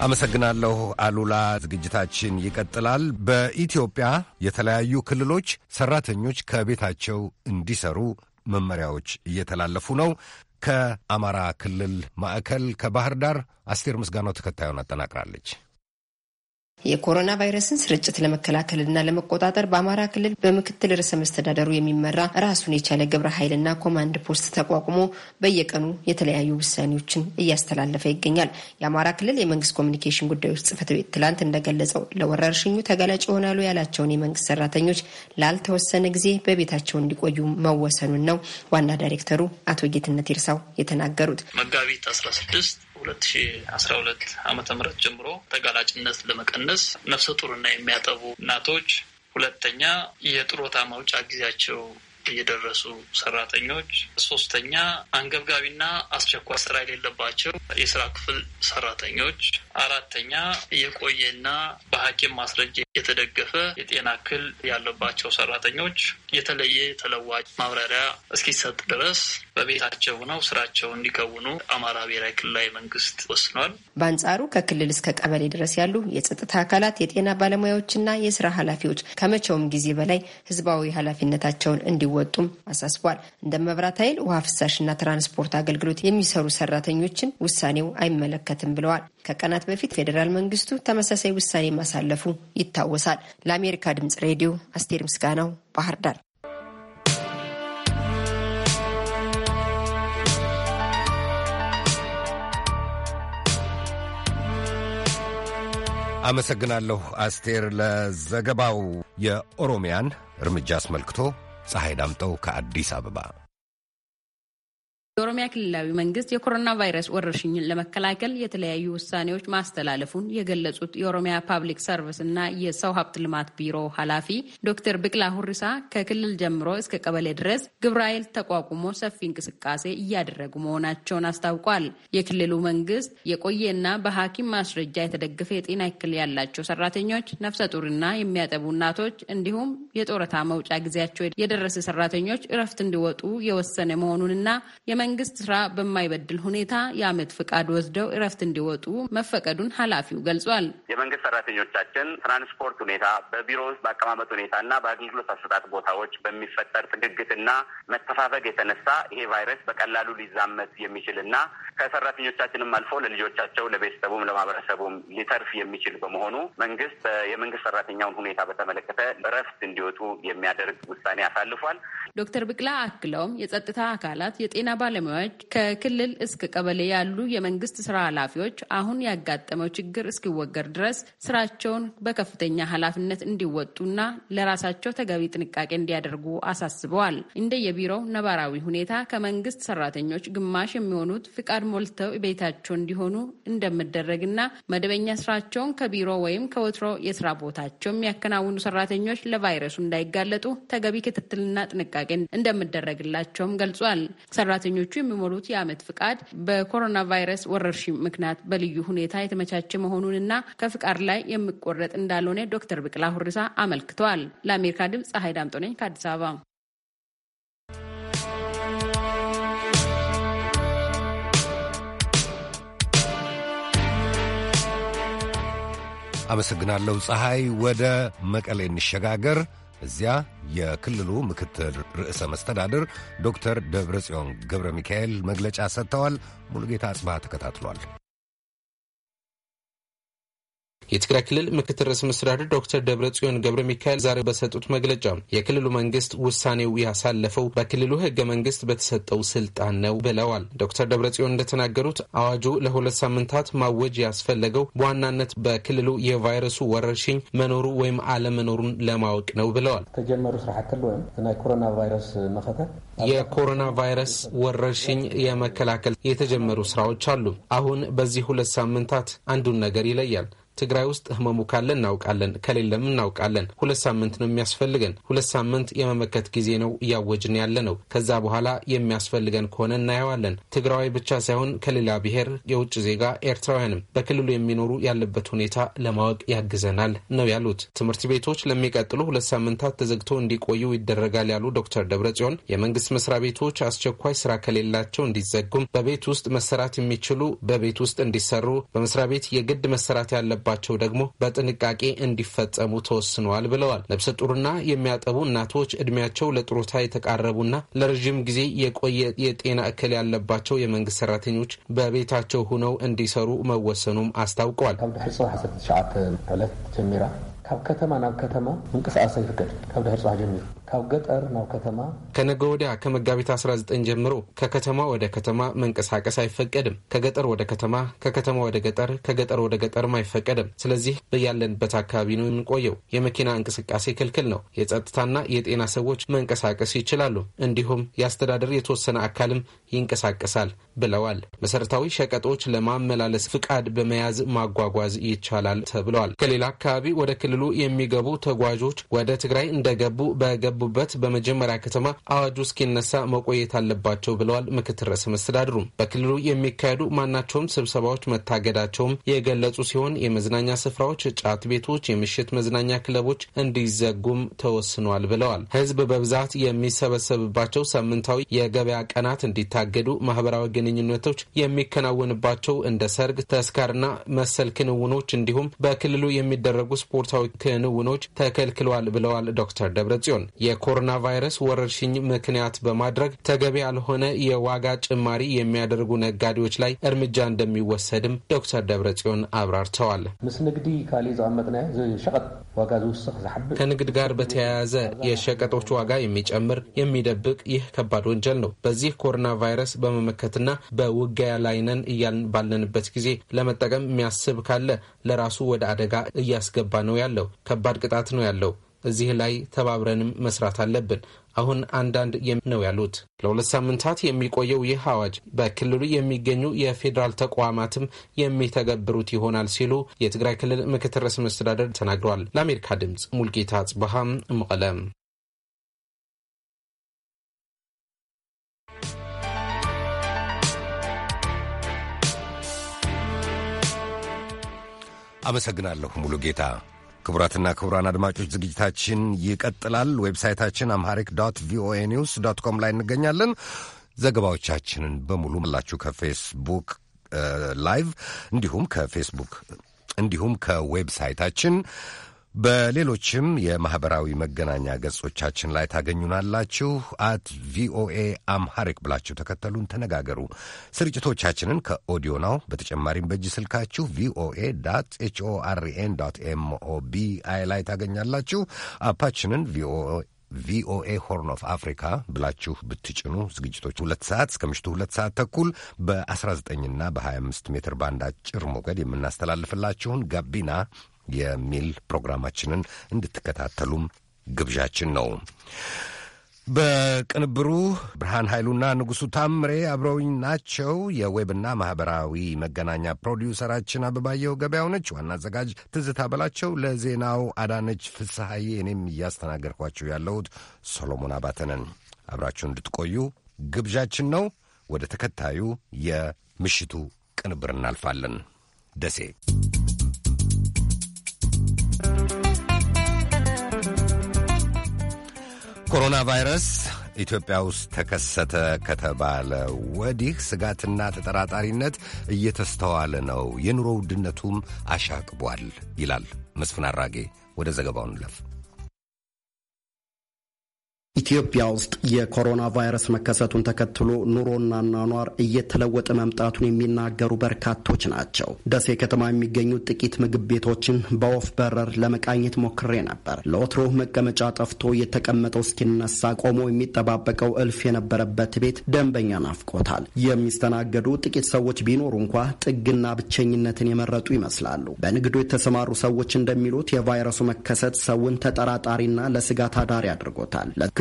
አመሰግናለሁ አሉላ። ዝግጅታችን ይቀጥላል። በኢትዮጵያ የተለያዩ ክልሎች ሰራተኞች ከቤታቸው እንዲሰሩ መመሪያዎች እየተላለፉ ነው። ከአማራ ክልል ማዕከል ከባህር ዳር አስቴር ምስጋናው ተከታዩን አጠናቅራለች። የኮሮና ቫይረስን ስርጭት ለመከላከልና ለመቆጣጠር በአማራ ክልል በምክትል ርዕሰ መስተዳደሩ የሚመራ ራሱን የቻለ ግብረ ኃይልና ኮማንድ ፖስት ተቋቁሞ በየቀኑ የተለያዩ ውሳኔዎችን እያስተላለፈ ይገኛል። የአማራ ክልል የመንግስት ኮሚኒኬሽን ጉዳዮች ጽህፈት ቤት ትላንት እንደገለጸው ለወረርሽኙ ተጋላጭ ይሆናሉ ያላቸውን የመንግስት ሰራተኞች ላልተወሰነ ጊዜ በቤታቸው እንዲቆዩ መወሰኑን ነው ዋና ዳይሬክተሩ አቶ ጌትነት ይርሳው የተናገሩት መጋቢት 16 ሁለት ሺ አስራ ሁለት ምህረት ጀምሮ ተጋላጭነት ለመቀነስ ነፍሰ ጡርና የሚያጠቡ እናቶች ሁለተኛ የጡረታ ማውጫ ጊዜያቸው የደረሱ ሰራተኞች፣ ሶስተኛ አንገብጋቢና አስቸኳይ ስራ የሌለባቸው የስራ ክፍል ሰራተኞች፣ አራተኛ የቆየና በሐኪም ማስረጃ የተደገፈ የጤና እክል ያለባቸው ሰራተኞች የተለየ ተለዋጭ ማብራሪያ እስኪሰጥ ድረስ በቤታቸው ነው ስራቸው እንዲከውኑ አማራ ብሔራዊ ክልላዊ መንግስት ወስኗል። በአንጻሩ ከክልል እስከ ቀበሌ ድረስ ያሉ የጸጥታ አካላት የጤና ባለሙያዎችና የስራ ኃላፊዎች ከመቼውም ጊዜ በላይ ህዝባዊ ኃላፊነታቸውን እንዲወ እንዲወጡም አሳስቧል። እንደ መብራት ኃይል፣ ውሃ ፍሳሽና ትራንስፖርት አገልግሎት የሚሰሩ ሰራተኞችን ውሳኔው አይመለከትም ብለዋል። ከቀናት በፊት ፌዴራል መንግስቱ ተመሳሳይ ውሳኔ ማሳለፉ ይታወሳል። ለአሜሪካ ድምጽ ሬዲዮ አስቴር ምስጋናው ባህር ዳር። አመሰግናለሁ አስቴር ለዘገባው። የኦሮሚያን እርምጃ አስመልክቶ ፀሐይ ዳምጠው ከአዲስ አበባ የኦሮሚያ ክልላዊ መንግስት የኮሮና ቫይረስ ወረርሽኝን ለመከላከል የተለያዩ ውሳኔዎች ማስተላለፉን የገለጹት የኦሮሚያ ፓብሊክ ሰርቪስ እና የሰው ሀብት ልማት ቢሮ ኃላፊ ዶክተር ብቅላ ሁሪሳ ከክልል ጀምሮ እስከ ቀበሌ ድረስ ግብረ ኃይል ተቋቁሞ ሰፊ እንቅስቃሴ እያደረጉ መሆናቸውን አስታውቋል። የክልሉ መንግስት የቆየና በሐኪም ማስረጃ የተደገፈ የጤና እክል ያላቸው ሰራተኞች፣ ነፍሰ ጡርና የሚያጠቡ እናቶች እንዲሁም የጡረታ መውጫ ጊዜያቸው የደረሰ ሰራተኞች እረፍት እንዲወጡ የወሰነ መሆኑንና መንግስት ስራ በማይበድል ሁኔታ የአመት ፍቃድ ወስደው እረፍት እንዲወጡ መፈቀዱን ኃላፊው ገልጿል። የመንግስት ሰራተኞቻችን ትራንስፖርት ሁኔታ፣ በቢሮ ውስጥ በአቀማመጥ ሁኔታ እና በአገልግሎት አሰጣጥ ቦታዎች በሚፈጠር ጥግግትና መተፋፈግ የተነሳ ይሄ ቫይረስ በቀላሉ ሊዛመት የሚችል እና ከሰራተኞቻችንም አልፎ ለልጆቻቸው፣ ለቤተሰቡም፣ ለማህበረሰቡም ሊተርፍ የሚችል በመሆኑ መንግስት የመንግስት ሰራተኛውን ሁኔታ በተመለከተ እረፍት እንዲወጡ የሚያደርግ ውሳኔ አሳልፏል። ዶክተር ብቅላ አክለውም የጸጥታ አካላት የጤና ባለ ባለሙያዎች ከክልል እስከ ቀበሌ ያሉ የመንግስት ስራ ኃላፊዎች አሁን ያጋጠመው ችግር እስኪወገድ ድረስ ስራቸውን በከፍተኛ ኃላፊነት እንዲወጡና ለራሳቸው ተገቢ ጥንቃቄ እንዲያደርጉ አሳስበዋል። እንደ የቢሮው ነባራዊ ሁኔታ ከመንግስት ሰራተኞች ግማሽ የሚሆኑት ፍቃድ ሞልተው ቤታቸው እንዲሆኑ እንደምደረግና መደበኛ ስራቸውን ከቢሮ ወይም ከወትሮ የስራ ቦታቸው የሚያከናውኑ ሰራተኞች ለቫይረሱ እንዳይጋለጡ ተገቢ ክትትልና ጥንቃቄ እንደምደረግላቸውም ገልጿል። ሰራተኞ ስደተኞቹ የሚሞሉት የአመት ፍቃድ በኮሮና ቫይረስ ወረርሽኝ ምክንያት በልዩ ሁኔታ የተመቻቸ መሆኑንና ከፍቃድ ላይ የሚቆረጥ እንዳልሆነ ዶክተር ብቅላ ሁርሳ አመልክተዋል። ለአሜሪካ ድምፅ ፀሐይ ዳምጦ ነኝ ከአዲስ አበባ። አመሰግናለሁ ፀሐይ። ወደ መቀሌ እንሸጋገር። እዚያ የክልሉ ምክትል ርዕሰ መስተዳድር ዶክተር ደብረ ጽዮን ገብረ ሚካኤል መግለጫ ሰጥተዋል። ሙሉጌታ አጽባ ተከታትሏል። የትግራይ ክልል ምክትል ርዕሰ መስተዳድር ዶክተር ጽዮን ገብረ ሚካኤል ዛሬ በሰጡት መግለጫ የክልሉ መንግስት ውሳኔው ያሳለፈው በክልሉ ህገ መንግስት በተሰጠው ስልጣን ነው ብለዋል። ዶክተር ጽዮን እንደተናገሩት አዋጁ ለሁለት ሳምንታት ማወጅ ያስፈለገው በዋናነት በክልሉ የቫይረሱ ወረርሽኝ መኖሩ ወይም አለመኖሩን ለማወቅ ነው ብለዋል። ተጀመሩ ወይም ናይ ኮሮና ቫይረስ መኸተ የኮሮና ቫይረስ ወረርሽኝ የመከላከል የተጀመሩ ስራዎች አሉ። አሁን በዚህ ሁለት ሳምንታት አንዱን ነገር ይለያል ትግራይ ውስጥ ህመሙ ካለ እናውቃለን፣ ከሌለም እናውቃለን። ሁለት ሳምንት ነው የሚያስፈልገን። ሁለት ሳምንት የመመከት ጊዜ ነው እያወጅን ያለ ነው። ከዛ በኋላ የሚያስፈልገን ከሆነ እናየዋለን። ትግራዋይ ብቻ ሳይሆን ከሌላ ብሔር የውጭ ዜጋ ኤርትራውያንም በክልሉ የሚኖሩ ያለበት ሁኔታ ለማወቅ ያግዘናል ነው ያሉት። ትምህርት ቤቶች ለሚቀጥሉ ሁለት ሳምንታት ተዘግቶ እንዲቆዩ ይደረጋል ያሉ ዶክተር ደብረ የመንግስት መስሪያ ቤቶች አስቸኳይ ስራ ከሌላቸው እንዲዘጉም፣ በቤት ውስጥ መሰራት የሚችሉ በቤት ውስጥ እንዲሰሩ፣ በመስሪያ ቤት የግድ መሰራት ያለባ ያለባቸው ደግሞ በጥንቃቄ እንዲፈጸሙ ተወስነዋል ብለዋል። ነብሰ ጡርና የሚያጠቡ እናቶች እድሜያቸው ለጡረታ የተቃረቡና ለረዥም ጊዜ የቆየ የጤና እክል ያለባቸው የመንግስት ሰራተኞች በቤታቸው ሁነው እንዲሰሩ መወሰኑም አስታውቀዋል። ካብ ድሕሪ ፅዋ 19 ዕለት ጀሚራ ካብ ከተማ ናብ ከተማ ምንቅስቃስ ይፍቀድ ካብ ድሕሪ ፅዋ ጀሚሩ ካብ ገጠር ናብ ከተማ ከነገ ወዲያ ከመጋቢት 19 ጀምሮ ከከተማ ወደ ከተማ መንቀሳቀስ አይፈቀድም። ከገጠር ወደ ከተማ፣ ከከተማ ወደ ገጠር፣ ከገጠር ወደ ገጠርም አይፈቀድም። ስለዚህ በያለንበት አካባቢ ነው የምንቆየው። የመኪና እንቅስቃሴ ክልክል ነው። የጸጥታና የጤና ሰዎች መንቀሳቀስ ይችላሉ። እንዲሁም የአስተዳደር የተወሰነ አካልም ይንቀሳቀሳል ብለዋል። መሰረታዊ ሸቀጦች ለማመላለስ ፍቃድ በመያዝ ማጓጓዝ ይቻላል ተብለዋል። ከሌላ አካባቢ ወደ ክልሉ የሚገቡ ተጓዦች ወደ ትግራይ እንደገቡ በገ በገቡበት በመጀመሪያ ከተማ አዋጁ እስኪነሳ መቆየት አለባቸው ብለዋል ምክትል ርዕሰ መስተዳድሩ። በክልሉ የሚካሄዱ ማናቸውም ስብሰባዎች መታገዳቸውም የገለጹ ሲሆን የመዝናኛ ስፍራዎች፣ ጫት ቤቶች፣ የምሽት መዝናኛ ክለቦች እንዲዘጉም ተወስኗል ብለዋል። ህዝብ በብዛት የሚሰበሰብባቸው ሳምንታዊ የገበያ ቀናት እንዲታገዱ፣ ማህበራዊ ግንኙነቶች የሚከናወንባቸው እንደ ሰርግ፣ ተስካርና መሰል ክንውኖች እንዲሁም በክልሉ የሚደረጉ ስፖርታዊ ክንውኖች ተከልክለዋል ብለዋል ዶክተር ደብረ የኮሮና ቫይረስ ወረርሽኝ ምክንያት በማድረግ ተገቢ ያልሆነ የዋጋ ጭማሪ የሚያደርጉ ነጋዴዎች ላይ እርምጃ እንደሚወሰድም ዶክተር ደብረጽዮን አብራርተዋል። ምስ ንግዲ ካሊእ ዝቐመጥና ሸቀጥ ዋጋ ዝውስኽ ዝሓብእ ከንግድ ጋር በተያያዘ የሸቀጦች ዋጋ የሚጨምር የሚደብቅ ይህ ከባድ ወንጀል ነው። በዚህ ኮሮና ቫይረስ በመመከትና በውጊያ ላይ ነን እያልን ባለንበት ጊዜ ለመጠቀም የሚያስብ ካለ ለራሱ ወደ አደጋ እያስገባ ነው ያለው። ከባድ ቅጣት ነው ያለው። እዚህ ላይ ተባብረንም መስራት አለብን። አሁን አንዳንድ ነው ያሉት። ለሁለት ሳምንታት የሚቆየው ይህ አዋጅ በክልሉ የሚገኙ የፌዴራል ተቋማትም የሚተገብሩት ይሆናል ሲሉ የትግራይ ክልል ምክትል ርዕሰ መስተዳደር ተናግረዋል። ለአሜሪካ ድምፅ ሙልጌታ ጽበሃም መቀለም አመሰግናለሁ ሙሉ ጌታ። ክቡራትና ክቡራን አድማጮች ዝግጅታችን ይቀጥላል። ዌብሳይታችን አምሃሪክ ዶት ቪኦኤ ኒውስ ዶት ኮም ላይ እንገኛለን። ዘገባዎቻችንን በሙሉ ላችሁ ከፌስቡክ ላይቭ እንዲሁም ከፌስቡክ እንዲሁም ከዌብሳይታችን በሌሎችም የማኅበራዊ መገናኛ ገጾቻችን ላይ ታገኙናላችሁ። አት ቪኦኤ አምሐሪክ ብላችሁ ተከተሉን፣ ተነጋገሩ። ስርጭቶቻችንን ከኦዲዮ ናው በተጨማሪም በእጅ ስልካችሁ ቪኦኤ ዳት ኤችኦአርኤን ዳት ላይ ታገኛላችሁ። አፓችንን ቪኦኤ ሆርን ኦፍ አፍሪካ ብላችሁ ብትጭኑ ዝግጅቶች ሁለት ሰዓት እስከ ምሽቱ ሁለት ሰዓት ተኩል በ19ና በ25 ሜትር ባንድ አጭር ሞገድ የምናስተላልፍላችሁን ጋቢና የሚል ፕሮግራማችንን እንድትከታተሉም ግብዣችን ነው። በቅንብሩ ብርሃን ኃይሉና ንጉሡ ታምሬ አብረውኝ ናቸው። የዌብና ማኅበራዊ መገናኛ ፕሮዲውሰራችን አበባየው ገበያው ነች። ዋና አዘጋጅ ትዝታ በላቸው፣ ለዜናው አዳነች ፍስሐዬ፣ እኔም እያስተናገርኳቸው ያለሁት ሶሎሞን አባተነን። አብራችሁ እንድትቆዩ ግብዣችን ነው። ወደ ተከታዩ የምሽቱ ቅንብር እናልፋለን። ደሴ ኮሮና ቫይረስ ኢትዮጵያ ውስጥ ተከሰተ ከተባለ ወዲህ ስጋትና ተጠራጣሪነት እየተስተዋለ ነው፣ የኑሮ ውድነቱም አሻቅቧል ይላል መስፍን አራጌ። ወደ ዘገባው እንለፍ። ኢትዮጵያ ውስጥ የኮሮና ቫይረስ መከሰቱን ተከትሎ ኑሮና አኗኗር እየተለወጠ መምጣቱን የሚናገሩ በርካቶች ናቸው። ደሴ ከተማ የሚገኙ ጥቂት ምግብ ቤቶችን በወፍ በረር ለመቃኘት ሞክሬ ነበር። ለወትሮ መቀመጫ ጠፍቶ የተቀመጠው እስኪነሳ ቆሞ የሚጠባበቀው እልፍ የነበረበት ቤት ደንበኛ ናፍቆታል። የሚስተናገዱ ጥቂት ሰዎች ቢኖሩ እንኳ ጥግና ብቸኝነትን የመረጡ ይመስላሉ። በንግዱ የተሰማሩ ሰዎች እንደሚሉት የቫይረሱ መከሰት ሰውን ተጠራጣሪና ለስጋት አዳሪ አድርጎታል።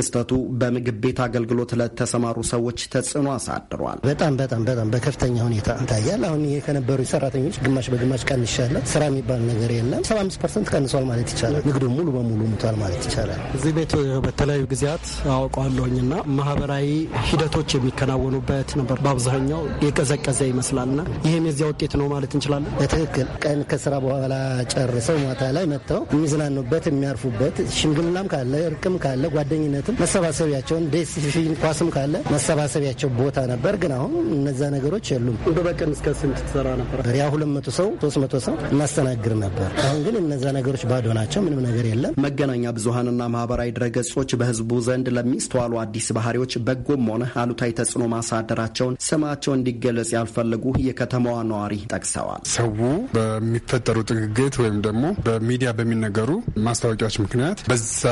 ክስተቱ በምግብ ቤት አገልግሎት ለተሰማሩ ሰዎች ተጽዕኖ አሳድሯል። በጣም በጣም በጣም በከፍተኛ ሁኔታ ይታያል። አሁን ይሄ ከነበሩ ሰራተኞች ግማሽ በግማሽ ቀንሻለሁ። ስራ የሚባል ነገር የለም። 75 ፐርሰንት ቀንሷል ማለት ይቻላል። ንግዱ ሙሉ በሙሉ ሙቷል ማለት ይቻላል። እዚህ ቤት በተለያዩ ጊዜያት አውቀዋለሁኝ ማህበራዊ ሂደቶች የሚከናወኑበት ነበር። በአብዛኛው የቀዘቀዘ ይመስላልና ይህም የዚያ ውጤት ነው ማለት እንችላለን። በትክክል ቀን ከስራ በኋላ ጨርሰው ማታ ላይ መጥተው የሚዝናኑበት የሚያርፉበት፣ ሽምግልናም ካለ እርቅም ካለ ጓደኝነትም መሰባሰቢያቸውን ዴስቲፊን ኳስም ካለ መሰባሰቢያቸው ቦታ ነበር። ግን አሁን እነዛ ነገሮች የሉም። በበቀን እስከ ስንት ትሰራ ነበር? ያ ሁለት መቶ ሰው ሶስት መቶ ሰው እናስተናግር ነበር። አሁን ግን እነዛ ነገሮች ባዶ ናቸው። ምንም ነገር የለም። መገናኛ ብዙሀንና ማህበራዊ ድረገጾች በህዝቡ ዘንድ ለሚስተዋሉ አዲስ ባህሪዎች በጎም ሆነ አሉታዊ ተጽዕኖ ማሳደራቸውን ስማቸው እንዲገለጽ ያልፈለጉ የከተማዋ ነዋሪ ጠቅሰዋል። ሰው በሚፈጠሩ ጥግግት ወይም ደግሞ በሚዲያ በሚነገሩ ማስታወቂያዎች ምክንያት በዛ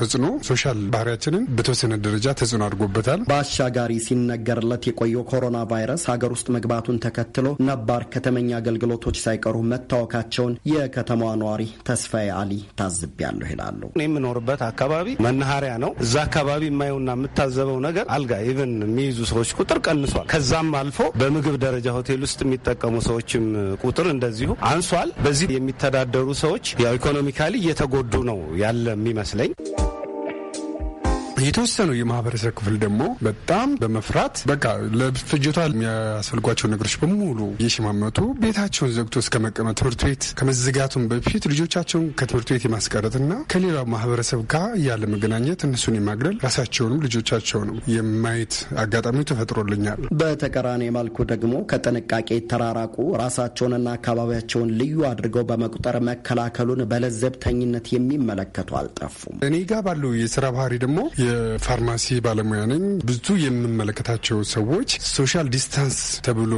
ተጽዕኖ ሶሻል ባህሪያችን ሀገራችንን በተወሰነ ደረጃ ተጽዕኖ አድርጎበታል። በአሻጋሪ ሲነገርለት የቆየው ኮሮና ቫይረስ ሀገር ውስጥ መግባቱን ተከትሎ ነባር ከተመኛ አገልግሎቶች ሳይቀሩ መታወካቸውን የከተማዋ ነዋሪ ተስፋዬ አሊ ታዝቤያለሁ ይላሉ። እኔ የምኖርበት አካባቢ መናኸሪያ ነው። እዛ አካባቢ የማየውና የምታዘበው ነገር አልጋ ኢቨን የሚይዙ ሰዎች ቁጥር ቀንሷል። ከዛም አልፎ በምግብ ደረጃ ሆቴል ውስጥ የሚጠቀሙ ሰዎችም ቁጥር እንደዚሁ አንሷል። በዚህ የሚተዳደሩ ሰዎች ያው ኢኮኖሚካሊ እየተጎዱ ነው ያለ የሚመስለኝ የተወሰኑ የማህበረሰብ ክፍል ደግሞ በጣም በመፍራት በቃ ለፍጆታ የሚያስፈልጓቸው ነገሮች በሙሉ እየሸማመቱ ቤታቸውን ዘግቶ እስከ መቀመጥ ትምህርት ቤት ከመዘጋቱን በፊት ልጆቻቸውን ከትምህርት ቤት የማስቀረትና ከሌላው ማህበረሰብ ጋር ያለ መገናኘት እነሱን የማግለል ራሳቸውንም ልጆቻቸውንም የማየት አጋጣሚ ተፈጥሮልኛል። በተቀራኒ መልኩ ደግሞ ከጥንቃቄ ተራራቁ ራሳቸውንና አካባቢያቸውን ልዩ አድርገው በመቁጠር መከላከሉን በለዘብተኝነት የሚመለከቱ አልጠፉም። እኔ ጋር ባሉ የስራ ባህሪ ደግሞ የፋርማሲ ባለሙያ ነኝ። ብዙ የምመለከታቸው ሰዎች ሶሻል ዲስታንስ ተብሎ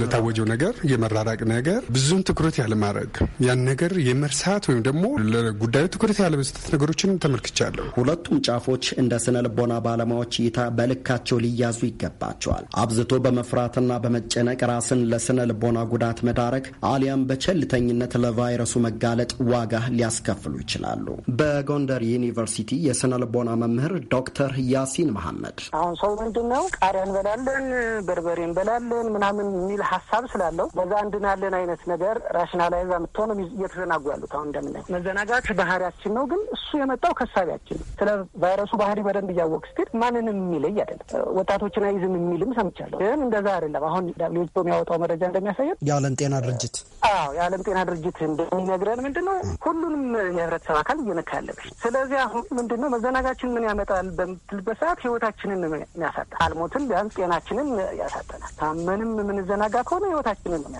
ለታወጀው ነገር የመራራቅ ነገር ብዙም ትኩረት ያለማድረግ ያን ነገር የመርሳት ወይም ደግሞ ለጉዳዩ ትኩረት ያለመስጠት ነገሮችን ተመልክቻለሁ። ሁለቱም ጫፎች እንደ ስነ ልቦና ባለሙያዎች እይታ በልካቸው ሊያዙ ይገባቸዋል። አብዝቶ በመፍራትና በመጨነቅ ራስን ለስነ ልቦና ጉዳት መዳረግ አሊያም በቸልተኝነት ለቫይረሱ መጋለጥ ዋጋ ሊያስከፍሉ ይችላሉ። በጎንደር ዩኒቨርሲቲ የስነ ልቦና መምህር ዶክተር ያሲን መሐመድ አሁን ሰው ምንድን ነው ቃሪያ እንበላለን፣ በርበሬ እንበላለን ምናምን የሚል ሀሳብ ስላለው በዛ እንድናለን አይነት ነገር ራሽናላይዛ ምትሆነ እየተዘናጉ ያሉት አሁን እንደምናየው መዘናጋት ባህሪያችን ነው። ግን እሱ የመጣው ከሳቢያችን ነው። ስለ ቫይረሱ ባህሪ በደንብ እያወቅ ስትል ማንንም የሚለይ አይደለም። ወጣቶችን አይዝም የሚልም ሰምቻለሁ። ግን እንደዛ አይደለም። አሁን ዳብሊው ኤች ኦ የሚያወጣው መረጃ እንደሚያሳየን የዓለም ጤና ድርጅት አዎ የዓለም ጤና ድርጅት እንደሚነግረን ምንድን ነው ሁሉንም የህብረተሰብ አካል እየነካ ያለብሽ። ስለዚህ አሁን ምንድን ነው መዘናጋችን ምን ያመጣል ይደርሳል በምትልበት ሰዓት ህይወታችንን የሚያሳጣ አልሞትን ቢያንስ ጤናችንን ያሳጠናል። ታመንም የምንዘናጋ ከሆነ ህይወታችንን ነው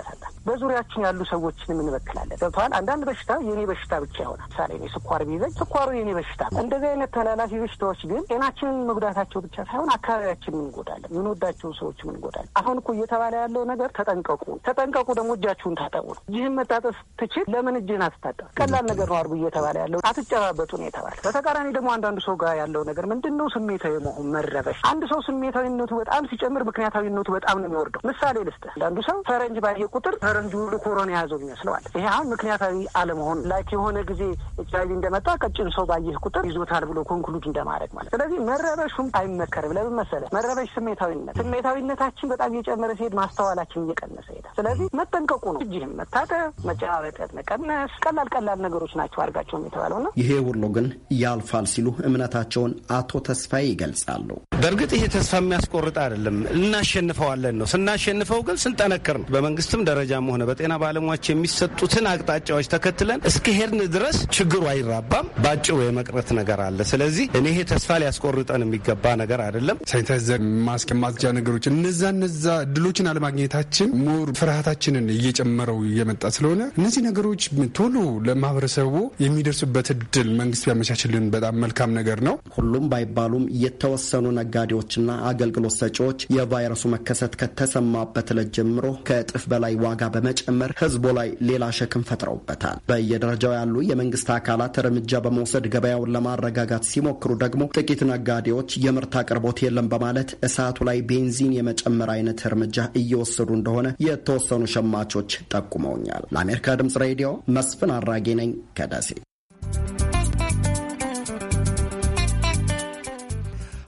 በዙሪያችን ያሉ ሰዎችን እንበክላለን። ገብተዋል። አንዳንድ በሽታ የኔ በሽታ ብቻ ይሆናል። ምሳሌ እኔ ስኳር ቢይዘኝ ስኳሩ የኔ በሽታ። እንደዚህ አይነት ተላላፊ በሽታዎች ግን ጤናችንን መጉዳታቸው ብቻ ሳይሆን አካባቢያችን እንጎዳለን፣ የምንወዳቸው ሰዎች ምንጎዳለን። አሁን እኮ እየተባለ ያለው ነገር ተጠንቀቁ፣ ተጠንቀቁ ደግሞ እጃችሁን ታጠቡ ነው። ይህን መታጠፍ ትችል ለምን እጅህን አትታጠብ? ቀላል ነገር ነው አድርጉ እየተባለ ያለው አትጨባበጡ ነው የተባለ። በተቃራኒ ደግሞ አንዳንዱ ሰው ጋር ያለው ነገር ነገር ምንድን ነው ስሜታዊ መሆን መረበሽ። አንድ ሰው ስሜታዊነቱ በጣም ሲጨምር ምክንያታዊነቱ በጣም ነው የሚወርደው። ምሳሌ ልስጥ። አንዳንዱ ሰው ፈረንጅ ባየ ቁጥር ፈረንጅ ሁሉ ኮሮና የያዘው ይመስለዋል። ይሄ አሁን ምክንያታዊ አለመሆን ላይክ የሆነ ጊዜ ኤች አይቪ እንደመጣ ቀጭን ሰው ባየህ ቁጥር ይዞታል ብሎ ኮንክሉድ እንደማድረግ ማለት። ስለዚህ መረበሹም አይመከርም። ለምን መሰለህ? መረበሽ ስሜታዊነት ስሜታዊነታችን በጣም እየጨመረ ሲሄድ ማስተዋላችን እየቀነሰ ይሄዳል። ስለዚህ መጠንቀቁ ነው። እጅህም መታጠብ፣ መጨባበጥ መቀነስ፣ ቀላል ቀላል ነገሮች ናቸው አድርጋቸውም የተባለው ነው። ይሄ ሁሉ ግን ያልፋል ሲሉ እምነታቸውን አቶ ተስፋዬ ይገልጻሉ። በእርግጥ ይሄ ተስፋ የሚያስቆርጥ አይደለም። እናሸንፈዋለን ነው። ስናሸንፈው ግን ስንጠነክር ነው። በመንግስትም ደረጃም ሆነ በጤና ባለሙያዎች የሚሰጡትን አቅጣጫዎች ተከትለን እስከ ሄድን ድረስ ችግሩ አይራባም። ባጭሩ የመቅረት ነገር አለ። ስለዚህ እኔ ይሄ ተስፋ ሊያስቆርጠን የሚገባ ነገር አይደለም። ሳኒታይዘር፣ ማስክ፣ ማጽጃ ነገሮች እነዛ እነዛ እድሎችን አለማግኘታችን ሞር ፍርሃታችንን እየጨመረው እየመጣ ስለሆነ እነዚህ ነገሮች ቶሎ ለማህበረሰቡ የሚደርሱበት እድል መንግስት ቢያመቻችልን በጣም መልካም ነገር ነው። ሁሉም ሁሉም ባይባሉም የተወሰኑ ነጋዴዎችና አገልግሎት ሰጪዎች የቫይረሱ መከሰት ከተሰማበት ዕለት ጀምሮ ከእጥፍ በላይ ዋጋ በመጨመር ህዝቡ ላይ ሌላ ሸክም ፈጥረውበታል። በየደረጃው ያሉ የመንግስት አካላት እርምጃ በመውሰድ ገበያውን ለማረጋጋት ሲሞክሩ ደግሞ ጥቂት ነጋዴዎች የምርት አቅርቦት የለም በማለት እሳቱ ላይ ቤንዚን የመጨመር አይነት እርምጃ እየወሰዱ እንደሆነ የተወሰኑ ሸማቾች ጠቁመውኛል። ለአሜሪካ ድምጽ ሬዲዮ መስፍን አራጌ ነኝ ከደሴ።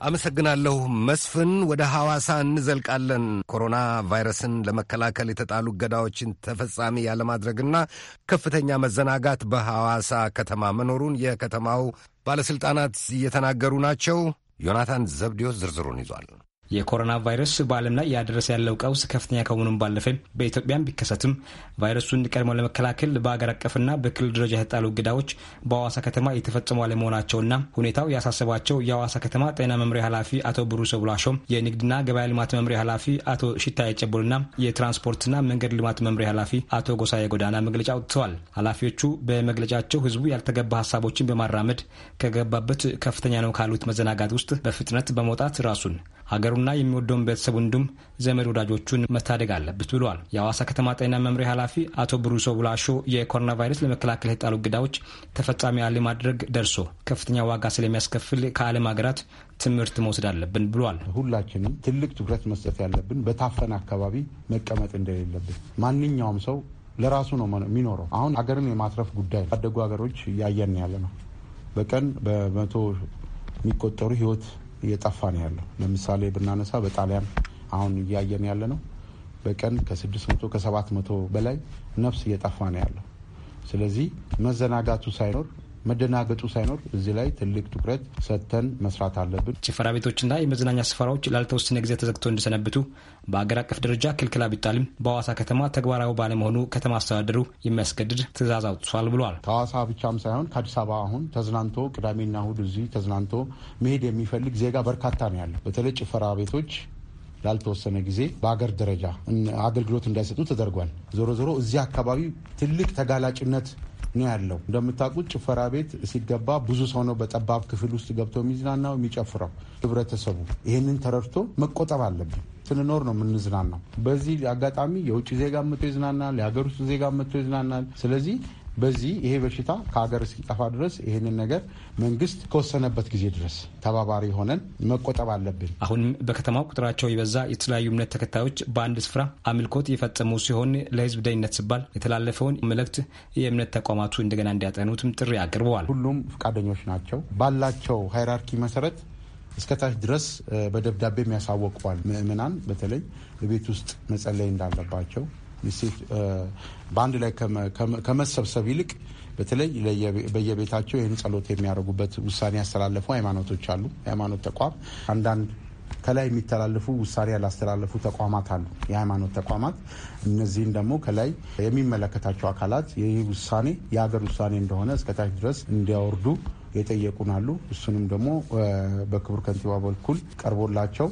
አመሰግናለሁ መስፍን። ወደ ሐዋሳ እንዘልቃለን። ኮሮና ቫይረስን ለመከላከል የተጣሉ እገዳዎችን ተፈጻሚ ያለማድረግና ከፍተኛ መዘናጋት በሐዋሳ ከተማ መኖሩን የከተማው ባለሥልጣናት እየተናገሩ ናቸው። ዮናታን ዘብዲዮስ ዝርዝሩን ይዟል። የኮሮና ቫይረስ በዓለም ላይ ያደረሰ ያለው ቀውስ ከፍተኛ ከመሆኑን ባለፈ በኢትዮጵያም ቢከሰትም ቫይረሱን ቀድሞ ለመከላከል በአገር አቀፍና በክልል ደረጃ የተጣሉ እገዳዎች በአዋሳ ከተማ የተፈጸሙ አለመሆናቸውና ሁኔታው ያሳሰባቸው የአዋሳ ከተማ ጤና መምሪያ ኃላፊ አቶ ብሩሶ ብላሾም፣ የንግድና ገበያ ልማት መምሪያ ኃላፊ አቶ ሽታ የጨቦልና የትራንስፖርትና መንገድ ልማት መምሪያ ኃላፊ አቶ ጎሳዬ ጎዳና መግለጫ አውጥተዋል። ኃላፊዎቹ በመግለጫቸው ህዝቡ ያልተገባ ሀሳቦችን በማራመድ ከገባበት ከፍተኛ ነው ካሉት መዘናጋት ውስጥ በፍጥነት በመውጣት ራሱን ሀገሩ አጋሩና የሚወደውን ቤተሰቡ እንዲሁም ዘመድ ወዳጆቹን መታደግ አለበት ብለዋል። የአዋሳ ከተማ ጤና መምሪያ ኃላፊ አቶ ብሩሶ ቡላሾ የኮሮና ቫይረስ ለመከላከል የጣሉ ግዳዎች ተፈጻሚ ያለ ማድረግ ደርሶ ከፍተኛ ዋጋ ስለሚያስከፍል ከዓለም ሀገራት ትምህርት መውሰድ አለብን ብሏል። ሁላችንም ትልቅ ትኩረት መስጠት ያለብን በታፈነ አካባቢ መቀመጥ እንደሌለብን ማንኛውም ሰው ለራሱ ነው የሚኖረው። አሁን ሀገርን የማትረፍ ጉዳይ ያደጉ ሀገሮች እያየን ያለ ነው። በቀን በመቶ የሚቆጠሩ ህይወት እየጠፋ ነው ያለው። ለምሳሌ ብናነሳ በጣሊያን አሁን እያየን ያለ ነው። በቀን ከስድስት መቶ ከሰባት መቶ በላይ ነፍስ እየጠፋ ነው ያለው። ስለዚህ መዘናጋቱ ሳይኖር መደናገጡ ሳይኖር እዚህ ላይ ትልቅ ትኩረት ሰጥተን መስራት አለብን። ጭፈራ ቤቶችና የመዝናኛ ስፍራዎች ላልተወሰነ ጊዜ ተዘግቶ እንዲሰነብቱ በአገር አቀፍ ደረጃ ክልክላ ቢጣልም በሐዋሳ ከተማ ተግባራዊ ባለመሆኑ ከተማ አስተዳደሩ የሚያስገድድ ትዕዛዝ አውጥቷል ብሏል። ከሐዋሳ ብቻም ሳይሆን ከአዲስ አበባ አሁን ተዝናንቶ ቅዳሜና እሁድ እዚህ ተዝናንቶ መሄድ የሚፈልግ ዜጋ በርካታ ነው ያለው። በተለይ ጭፈራ ቤቶች ላልተወሰነ ጊዜ በአገር ደረጃ አገልግሎት እንዳይሰጡ ተደርጓል። ዞሮ ዞሮ እዚህ አካባቢ ትልቅ ተጋላጭነት ነው ያለው። እንደምታውቁት ጭፈራ ቤት ሲገባ ብዙ ሰው ነው በጠባብ ክፍል ውስጥ ገብቶ የሚዝናናው የሚጨፍረው። ህብረተሰቡ ይህንን ተረድቶ መቆጠብ አለብን። ስንኖር ነው የምንዝናናው። በዚህ አጋጣሚ የውጭ ዜጋ መጥቶ ይዝናናል፣ የሀገር ውስጥ ዜጋ መጥቶ ይዝናናል። ስለዚህ በዚህ ይሄ በሽታ ከሀገር እስኪጠፋ ድረስ ይህንን ነገር መንግስት ከወሰነበት ጊዜ ድረስ ተባባሪ ሆነን መቆጠብ አለብን። አሁንም በከተማው ቁጥራቸው የበዛ የተለያዩ እምነት ተከታዮች በአንድ ስፍራ አምልኮት የፈጸሙ ሲሆን ለህዝብ ደህንነት ሲባል የተላለፈውን መልእክት የእምነት ተቋማቱ እንደገና እንዲያጠኑትም ጥሪ አቅርበዋል። ሁሉም ፈቃደኞች ናቸው። ባላቸው ሃይራርኪ መሰረት እስከታች ድረስ በደብዳቤ የሚያሳወቋል። ምእምናን በተለይ በቤት ውስጥ መጸለይ እንዳለባቸው በአንድ ላይ ከመሰብሰብ ይልቅ በተለይ በየቤታቸው ይህን ጸሎት የሚያደርጉበት ውሳኔ ያስተላለፉ ሃይማኖቶች አሉ። የሃይማኖት ተቋም አንዳንድ ከላይ የሚተላለፉ ውሳኔ ያላስተላለፉ ተቋማት አሉ። የሃይማኖት ተቋማት እነዚህን ደግሞ ከላይ የሚመለከታቸው አካላት ይህ ውሳኔ የሀገር ውሳኔ እንደሆነ እስከታች ድረስ እንዲያወርዱ የጠየቁን አሉ። እሱንም ደግሞ በክቡር ከንቲባ በኩል ቀርቦላቸው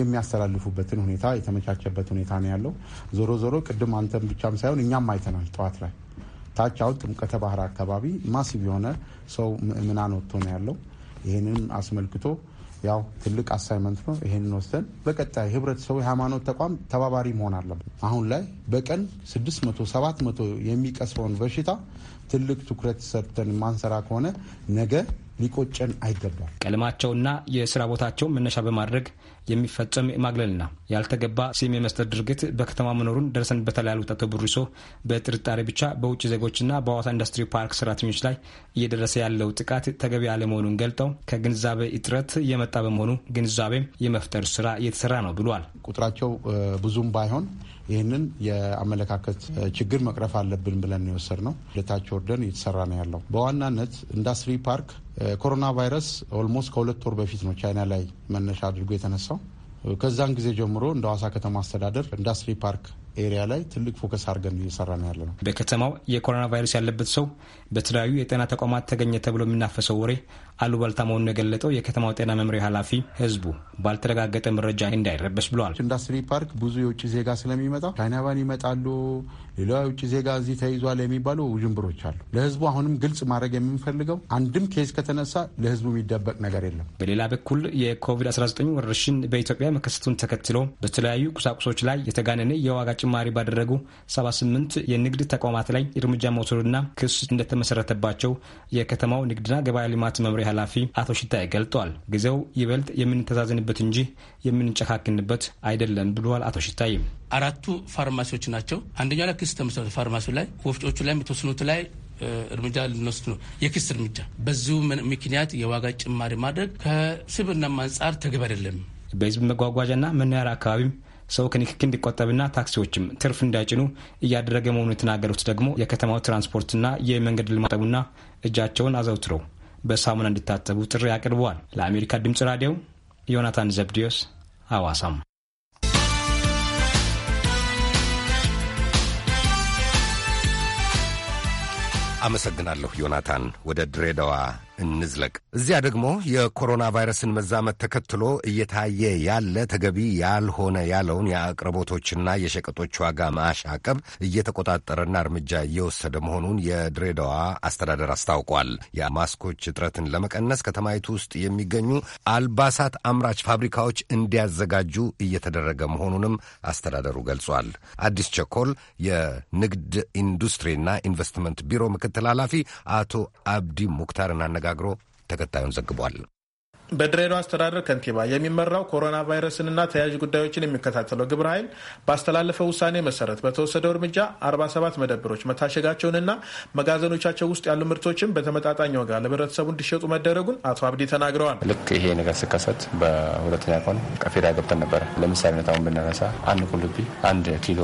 የሚያስተላልፉበትን ሁኔታ የተመቻቸበት ሁኔታ ነው ያለው። ዞሮ ዞሮ ቅድም አንተም ብቻም ሳይሆን እኛም አይተናል። ጠዋት ላይ ታች አሁን ጥምቀተ ባህር አካባቢ ማሲብ የሆነ ሰው ምዕምናን ወጥቶ ነው ያለው። ይህንን አስመልክቶ ያው ትልቅ አሳይመንት ነው። ይህንን ወስደን በቀጣይ ህብረተሰቡ የሃይማኖት ተቋም ተባባሪ መሆን አለብን። አሁን ላይ በቀን 600 700 የሚቀስፈውን በሽታ ትልቅ ትኩረት ሰጥተን ማንሰራ ከሆነ ነገ ሊቆጨን አይገባል። ቀለማቸውና የስራ ቦታቸውን መነሻ በማድረግ የሚፈጸም ማግለልና ያልተገባ ስም የመስጠት ድርጊት በከተማ መኖሩን ደርሰንበታል ያሉት አቶ በጥርጣሬ ብቻ በውጭ ዜጎችና በአዋሳ ኢንዱስትሪ ፓርክ ሰራተኞች ላይ እየደረሰ ያለው ጥቃት ተገቢ አለመሆኑን ገልጠው ከግንዛቤ እጥረት የመጣ በመሆኑ ግንዛቤ የመፍጠር ስራ እየተሰራ ነው ብሏል። ቁጥራቸው ብዙም ባይሆን ይህንን የአመለካከት ችግር መቅረፍ አለብን ብለን የወሰድ ነው። ለታች ወርደን እየተሰራ ነው ያለው። በዋናነት ኢንዱስትሪ ፓርክ ኮሮና ቫይረስ ኦልሞስት ከሁለት ወር በፊት ነው ቻይና ላይ መነሻ አድርጎ የተነሳው። ከዛን ጊዜ ጀምሮ እንደ ሀዋሳ ከተማ አስተዳደር ኢንዱስትሪ ፓርክ ኤሪያ ላይ ትልቅ ፎከስ አድርገን እየሰራ ነው ያለ ነው። በከተማው የኮሮና ቫይረስ ያለበት ሰው በተለያዩ የጤና ተቋማት ተገኘ ተብሎ የሚናፈሰው ወሬ አሉባልታ መሆኑን የገለጠው የከተማው ጤና መምሪያ ኃላፊ ህዝቡ ባልተረጋገጠ መረጃ እንዳይረበስ ብለዋል። ኢንዱስትሪ ፓርክ ብዙ የውጭ ዜጋ ስለሚመጣ ቻይናውያን ይመጣሉ፣ ሌላ የውጭ ዜጋ እዚህ ተይዟል የሚባሉ ውዥንብሮች አሉ። ለህዝቡ አሁንም ግልጽ ማድረግ የምንፈልገው አንድም ኬዝ ከተነሳ ለህዝቡ የሚደበቅ ነገር የለም። በሌላ በኩል የኮቪድ-19 ወረርሽኝ በኢትዮጵያ መከሰቱን ተከትሎ በተለያዩ ቁሳቁሶች ላይ የተጋነነ የዋጋ ጭማሪ ባደረጉ 78 የንግድ ተቋማት ላይ እርምጃ መውሰዱና ክስ እንደተመሰረተባቸው የከተማው ንግድና ገበያ ልማት መምሪያ ኃላፊ አቶ ሽታይ ገልጠዋል። ጊዜው ይበልጥ የምንተዛዝንበት እንጂ የምንጨካክንበት አይደለም ብለዋል አቶ ሽታይ። አራቱ ፋርማሲዎች ናቸው። አንደኛው ላይ ክስ ተመሰረተ። ፋርማሲ ላይ፣ ወፍጮቹ ላይ፣ የተወሰኑት ላይ እርምጃ ልንወስድ ነው። የክስ እርምጃ በዚሁ ምክንያት የዋጋ ጭማሪ ማድረግ ከስብና አንጻር ተገቢ አይደለም። በህዝብ መጓጓዣና መናኸሪያ አካባቢም ሰው ከንክኪ እንዲቆጠብና ታክሲዎችም ትርፍ እንዳይጭኑ እያደረገ መሆኑን የተናገሩት ደግሞ የከተማው ትራንስፖርትና የመንገድ ልማጠቡና እጃቸውን አዘውትረው በሳሙና እንዲታጠቡ ጥሪ አቅርበዋል። ለአሜሪካ ድምጽ ራዲዮ ዮናታን ዘብዲዮስ አዋሳም አመሰግናለሁ ዮናታን። ወደ ድሬዳዋ እንዝለቅ። እዚያ ደግሞ የኮሮና ቫይረስን መዛመት ተከትሎ እየታየ ያለ ተገቢ ያልሆነ ያለውን የአቅርቦቶችና የሸቀጦች ዋጋ ማሻቀብ እየተቆጣጠረና እርምጃ እየወሰደ መሆኑን የድሬዳዋ አስተዳደር አስታውቋል። የማስኮች እጥረትን ለመቀነስ ከተማይቱ ውስጥ የሚገኙ አልባሳት አምራች ፋብሪካዎች እንዲያዘጋጁ እየተደረገ መሆኑንም አስተዳደሩ ገልጿል። አዲስ ቸኮል የንግድ ኢንዱስትሪና ኢንቨስትመንት ቢሮ ምክትል ምክትል ኃላፊ አቶ አብዲ ሙክታርን አነጋግሮ ተከታዩን ዘግቧል። በድሬዳዋ አስተዳደር ከንቲባ የሚመራው ኮሮና ቫይረስንና ተያያዥ ጉዳዮችን የሚከታተለው ግብረ ኃይል ባስተላለፈው ውሳኔ መሰረት በተወሰደው እርምጃ 47 መደብሮች መታሸጋቸውንና መጋዘኖቻቸው ውስጥ ያሉ ምርቶችን በተመጣጣኝ ዋጋ ለህብረተሰቡ እንዲሸጡ መደረጉን አቶ አብዲ ተናግረዋል። ልክ ይሄ ነገር ስከሰት በሁለተኛ ቀን ቀፌዳ ገብተን ነበረ። ለምሳሌነት አሁን ብናነሳ አንድ ቁልቢ አንድ ኪሎ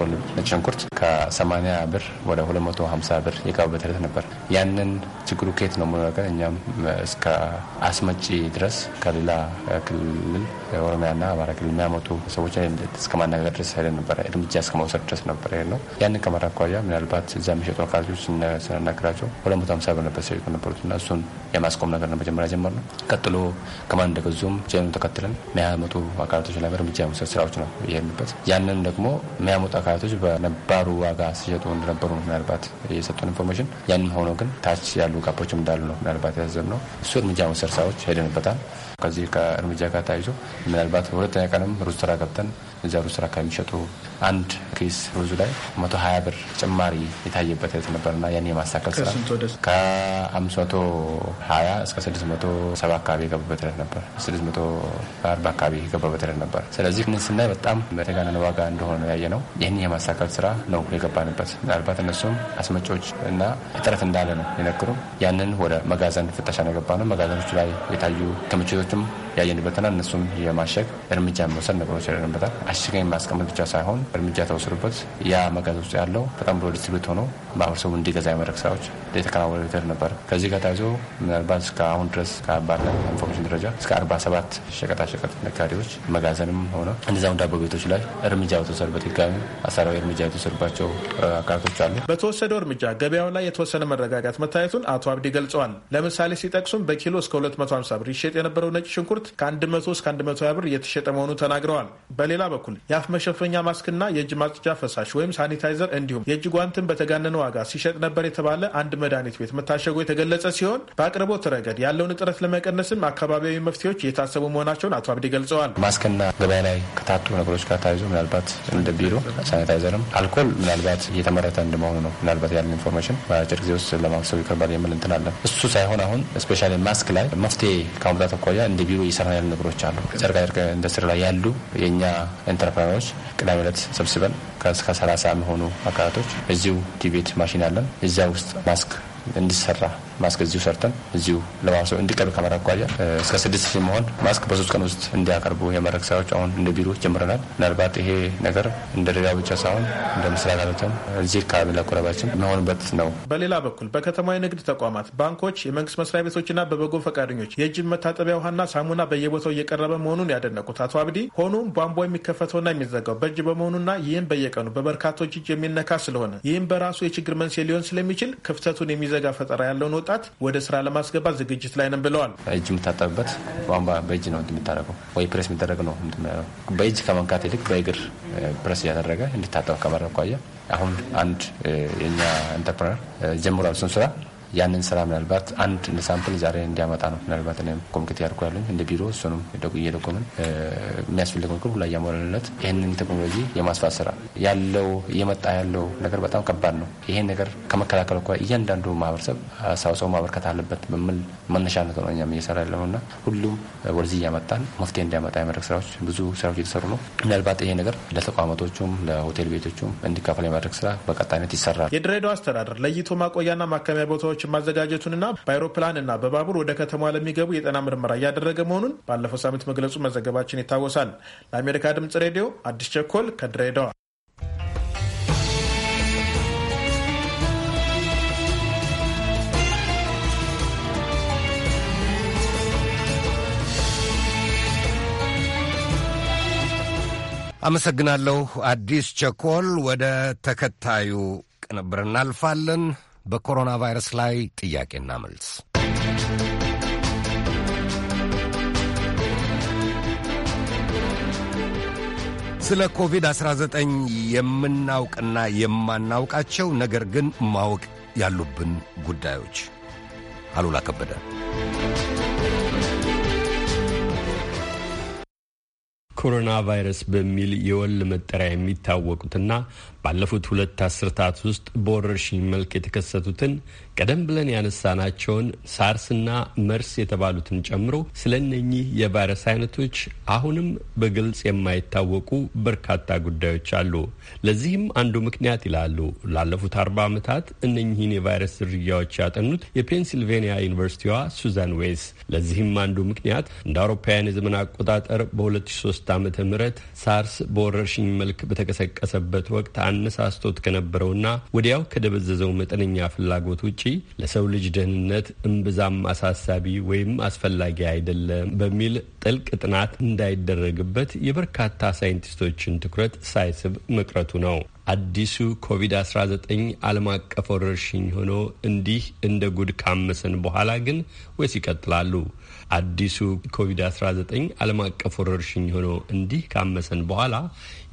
ቁልቢ ነጭ ሽንኩርት ከ80 ብር ወደ 250 ብር የጋበተለት ነበር። ያንን ችግሩ ኬት ነው እኛም እስከ አስመጪ ድረስ ከሌላ ክልል ኦሮሚያና አማራ ክልል የሚያመጡ ሰዎች እስከ ማነጋገር ድረስ ሄደ ነበረ። እርምጃ እስከ መውሰድ ድረስ ነበረ ነው። ያንን ከመራ አኳያ ምናልባት እዛ የሚሸጡ አካባቢዎች ስናናግራቸው ሁለት መቶ ሃምሳ ብር ነበር ሲሸጡ ነበሩት እና እሱን የማስቆም ነገር ነው መጀመሪያ ጀመር ነው። ቀጥሎ ከማን እንደገዙም ጀኑ ተከትለን የሚያመጡ አካላቶች ላይ እርምጃ የመውሰድ ስራዎች ነው የሄድንበት። ያንን ደግሞ የሚያመጡ አካላቶች በነባሩ ዋጋ ሲሸጡ እንደነበሩ ምናልባት የሰጡን ኢንፎርሜሽን ያንም ሆኖ ግን ታች ያሉ ጋፖችም እንዳሉ ነው ምናልባት ያዘብ ነው እሱ እርምጃ መውሰድ ስራዎች ሄደን पता ከዚህ ከእርምጃ ጋር ተያይዞ ምናልባት በሁለተኛ ቀንም ሩዝ ተራ ገብተን እዚያ ሩዝ ተራ ከሚሸጡ አንድ ኬስ ሩዙ ላይ መቶ ሀያ ብር ጭማሪ የታየበት ት ነበርና ያን የማሳከል ስራ ከአምስት መቶ ሀያ እስከ ስድስት መቶ ሰባ አካባቢ የገባበት ለት ነበር። ስድስት መቶ አርባ አካባቢ የገባበት ለት ነበር። ስለዚህ ስናይ በጣም በተጋነነ ዋጋ እንደሆነ ያየ ነው። ይህን የማሳከል ስራ ነው የገባንበት። ምናልባት እነሱም አስመጪዎች እና እጥረት እንዳለ ነው የነገሩም። ያንን ወደ መጋዘን ፍተሻ ነው የገባ ነው። መጋዘኖች ላይ የታዩ ክምችቶች them. ያየንበትና እነሱም የማሸግ እርምጃ መውሰድ ነገሮች ያደንበታል። አሽገኝ ማስቀመጥ ብቻ ሳይሆን እርምጃ ተወስዶበት ያ መጋዝ ውስጥ ያለው በጣም ብሎ ዲስትሪቢዩት ሆኖ ማህበረሰቡ እንዲገዛ የመድረግ ስራዎች የተከናወነ ቤተር ነበር። ከዚህ ጋር ታይዞ ምናልባት እስከ አሁን ድረስ ከባለ ኢንፎርሜሽን ደረጃ እስከ አርባ ሰባት ሸቀጣሸቀጥ ነጋዴዎች መጋዘንም ሆነ እንደዚያውም ዳቦ ቤቶች ላይ እርምጃ በተወሰዱበት ድጋሚ አሳራዊ እርምጃ የተወሰዱባቸው አካላቶች አሉ። በተወሰደው እርምጃ ገበያው ላይ የተወሰነ መረጋጋት መታየቱን አቶ አብዲ ገልጸዋል። ለምሳሌ ሲጠቅሱም በኪሎ እስከ 250 ብር ይሸጥ የነበረው ነጭ ሽንኩርት ሽንኩርት ከ100 እስከ 120 ብር እየተሸጠ መሆኑ ተናግረዋል። በሌላ በኩል የአፍ መሸፈኛ ማስክና የእጅ ማጽጃ ፈሳሽ ወይም ሳኒታይዘር እንዲሁም የእጅ ጓንትን በተጋነነ ዋጋ ሲሸጥ ነበር የተባለ አንድ መድኃኒት ቤት መታሸጉ የተገለጸ ሲሆን በአቅርቦት ረገድ ያለውን እጥረት ለመቀነስም አካባቢያዊ መፍትሄዎች እየታሰቡ መሆናቸውን አቶ አብዲ ገልጸዋል። ማስክና ገበያ ላይ ከታጡ ነገሮች ጋር ታይዞ ምናልባት እንደ ቢሮ ሳኒታይዘርም አልኮል ምናልባት እየተመረተ እንደመሆኑ ነው ምናልባት ያለ ኢንፎርሜሽን በአጭር ጊዜ ውስጥ ለማክሰብ ይቀርባል የምል እንትን አለ። እሱ ሳይሆን አሁን ስፔሻሊ ማስክ ላይ መፍትሄ ከማምጣት አኳያ እንደ ቢሮ እየሰራ ያሉ ነገሮች አሉ። ጨርቃ ጨርቅ ኢንዱስትሪ ላይ ያሉ የእኛ ኢንተርፕራነሮች ቅዳሜ ዕለት ሰብስበን ከእስከ ሰላሳ የሚሆኑ አካላቶች እዚሁ ዲቤት ማሽን አለን። እዚያ ውስጥ ማስክ እንዲሰራ ማስክ እዚሁ ሰርተን እዚሁ ለማሰብ እንዲቀርብ ከመራ አኳያ እስከ ስድስት ሺህ መሆን ማስክ በሶስት ቀን ውስጥ እንዲያቀርቡ የመድረክ ስራዎች አሁን እንደ ቢሮ ጀምረናል። ምናልባት ይሄ ነገር እንደ ደጋ ብቻ ሳይሆን እንደ ምስራቅ አለተም እዚህ አካባቢ ለቆረባችን መሆንበት ነው። በሌላ በኩል በከተማ የንግድ ተቋማት፣ ባንኮች፣ የመንግስት መስሪያ ቤቶችና በበጎ ፈቃደኞች የእጅ መታጠቢያ ውሃና ሳሙና በየቦታው እየቀረበ መሆኑን ያደነቁት አቶ አብዲ ሆኖም ቧንቧ የሚከፈተውና የሚዘጋው በእጅ በመሆኑና ይህም በየቀኑ በበርካቶች እጅ የሚነካ ስለሆነ ይህም በራሱ የችግር መንስኤ ሊሆን ስለሚችል ክፍተቱን የሚዘጋ ፈጠራ ያለውን ወጣ በማብቃት ወደ ስራ ለማስገባት ዝግጅት ላይ ነን ብለዋል። እጅ የምታጠብበት ቧንቧ በእጅ ነው የምታደረገው ወይ ፕሬስ የሚደረግ ነው። በእጅ ከመንካት ይልቅ በእግር ፕሬስ እያደረገ እንዲታጠብ ከማድረግ አኳያ አሁን አንድ የኛ ኢንተርፕረነር ጀምሯል እሱን ስራ ያንን ስራ ምናልባት አንድ እንደ ሳምፕል ዛሬ እንዲያመጣ ነው ምናልባት ኮሚቴ ያድርጉ ያሉኝ እንደ ቢሮ እሱንም እየደጎምን የሚያስፈልገው ነገር ሁላ እያሟላንለት ይህንን ቴክኖሎጂ የማስፋት ስራ ያለው እየመጣ ያለው ነገር በጣም ከባድ ነው። ይሄን ነገር ከመከላከል እኳ እያንዳንዱ ማህበረሰብ ሰው ማበርከት አለበት በሚል መነሻነት ነው እኛም እየሰራ ያለው እና ሁሉም ወደዚህ እያመጣን መፍትሄ እንዲያመጣ የማድረግ ስራዎች ብዙ ስራዎች እየተሰሩ ነው። ምናልባት ይሄ ነገር ለተቋማቶቹም ለሆቴል ቤቶቹም እንዲካፈል የማድረግ ስራ በቀጣይነት ይሰራል። የድሬዳዋ አስተዳደር ለይቶ ማቆያና ማከሚያ ቦታዎች ላቦራቶሪዎችን ማዘጋጀቱንና በአይሮፕላንና በባቡር ወደ ከተማ ለሚገቡ የጤና ምርመራ እያደረገ መሆኑን ባለፈው ሳምንት መግለጹ መዘገባችን ይታወሳል። ለአሜሪካ ድምጽ ሬዲዮ አዲስ ቸኮል ከድሬዳዋ። አመሰግናለሁ አዲስ ቸኮል። ወደ ተከታዩ ቅንብር እናልፋለን። በኮሮና ቫይረስ ላይ ጥያቄና መልስ ስለ ኮቪድ-19 የምናውቅና የማናውቃቸው ነገር ግን ማወቅ ያሉብን ጉዳዮች አሉላ ከበደ ኮሮና ቫይረስ በሚል የወል መጠሪያ የሚታወቁትና ባለፉት ሁለት አስርታት ውስጥ በወረርሽኝ መልክ የተከሰቱትን ቀደም ብለን ያነሳናቸውን ሳርስና መርስ የተባሉትን ጨምሮ ስለ እነኚህ የቫይረስ አይነቶች አሁንም በግልጽ የማይታወቁ በርካታ ጉዳዮች አሉ። ለዚህም አንዱ ምክንያት ይላሉ ላለፉት አርባ ዓመታት እነኚህን የቫይረስ ዝርያዎች ያጠኑት የፔንሲልቬኒያ ዩኒቨርሲቲዋ ሱዛን ዌይስ። ለዚህም አንዱ ምክንያት እንደ አውሮፓውያን የዘመን አቆጣጠር በ2003 ዓ ም ሳርስ በወረርሽኝ መልክ በተቀሰቀሰበት ወቅት አነሳስቶት ከነበረውና ወዲያው ከደበዘዘው መጠነኛ ፍላጎት ውጪ ለሰው ልጅ ደህንነት እምብዛም አሳሳቢ ወይም አስፈላጊ አይደለም በሚል ጥልቅ ጥናት እንዳይደረግበት የበርካታ ሳይንቲስቶችን ትኩረት ሳይስብ መቅረቱ ነው። አዲሱ ኮቪድ-19 ዓለም አቀፍ ወረርሽኝ ሆኖ እንዲህ እንደ ጉድ ካመሰን በኋላ ግን ወይስ ይቀጥላሉ? አዲሱ ኮቪድ-19 ዓለም አቀፍ ወረርሽኝ ሆኖ እንዲህ ካመሰን በኋላ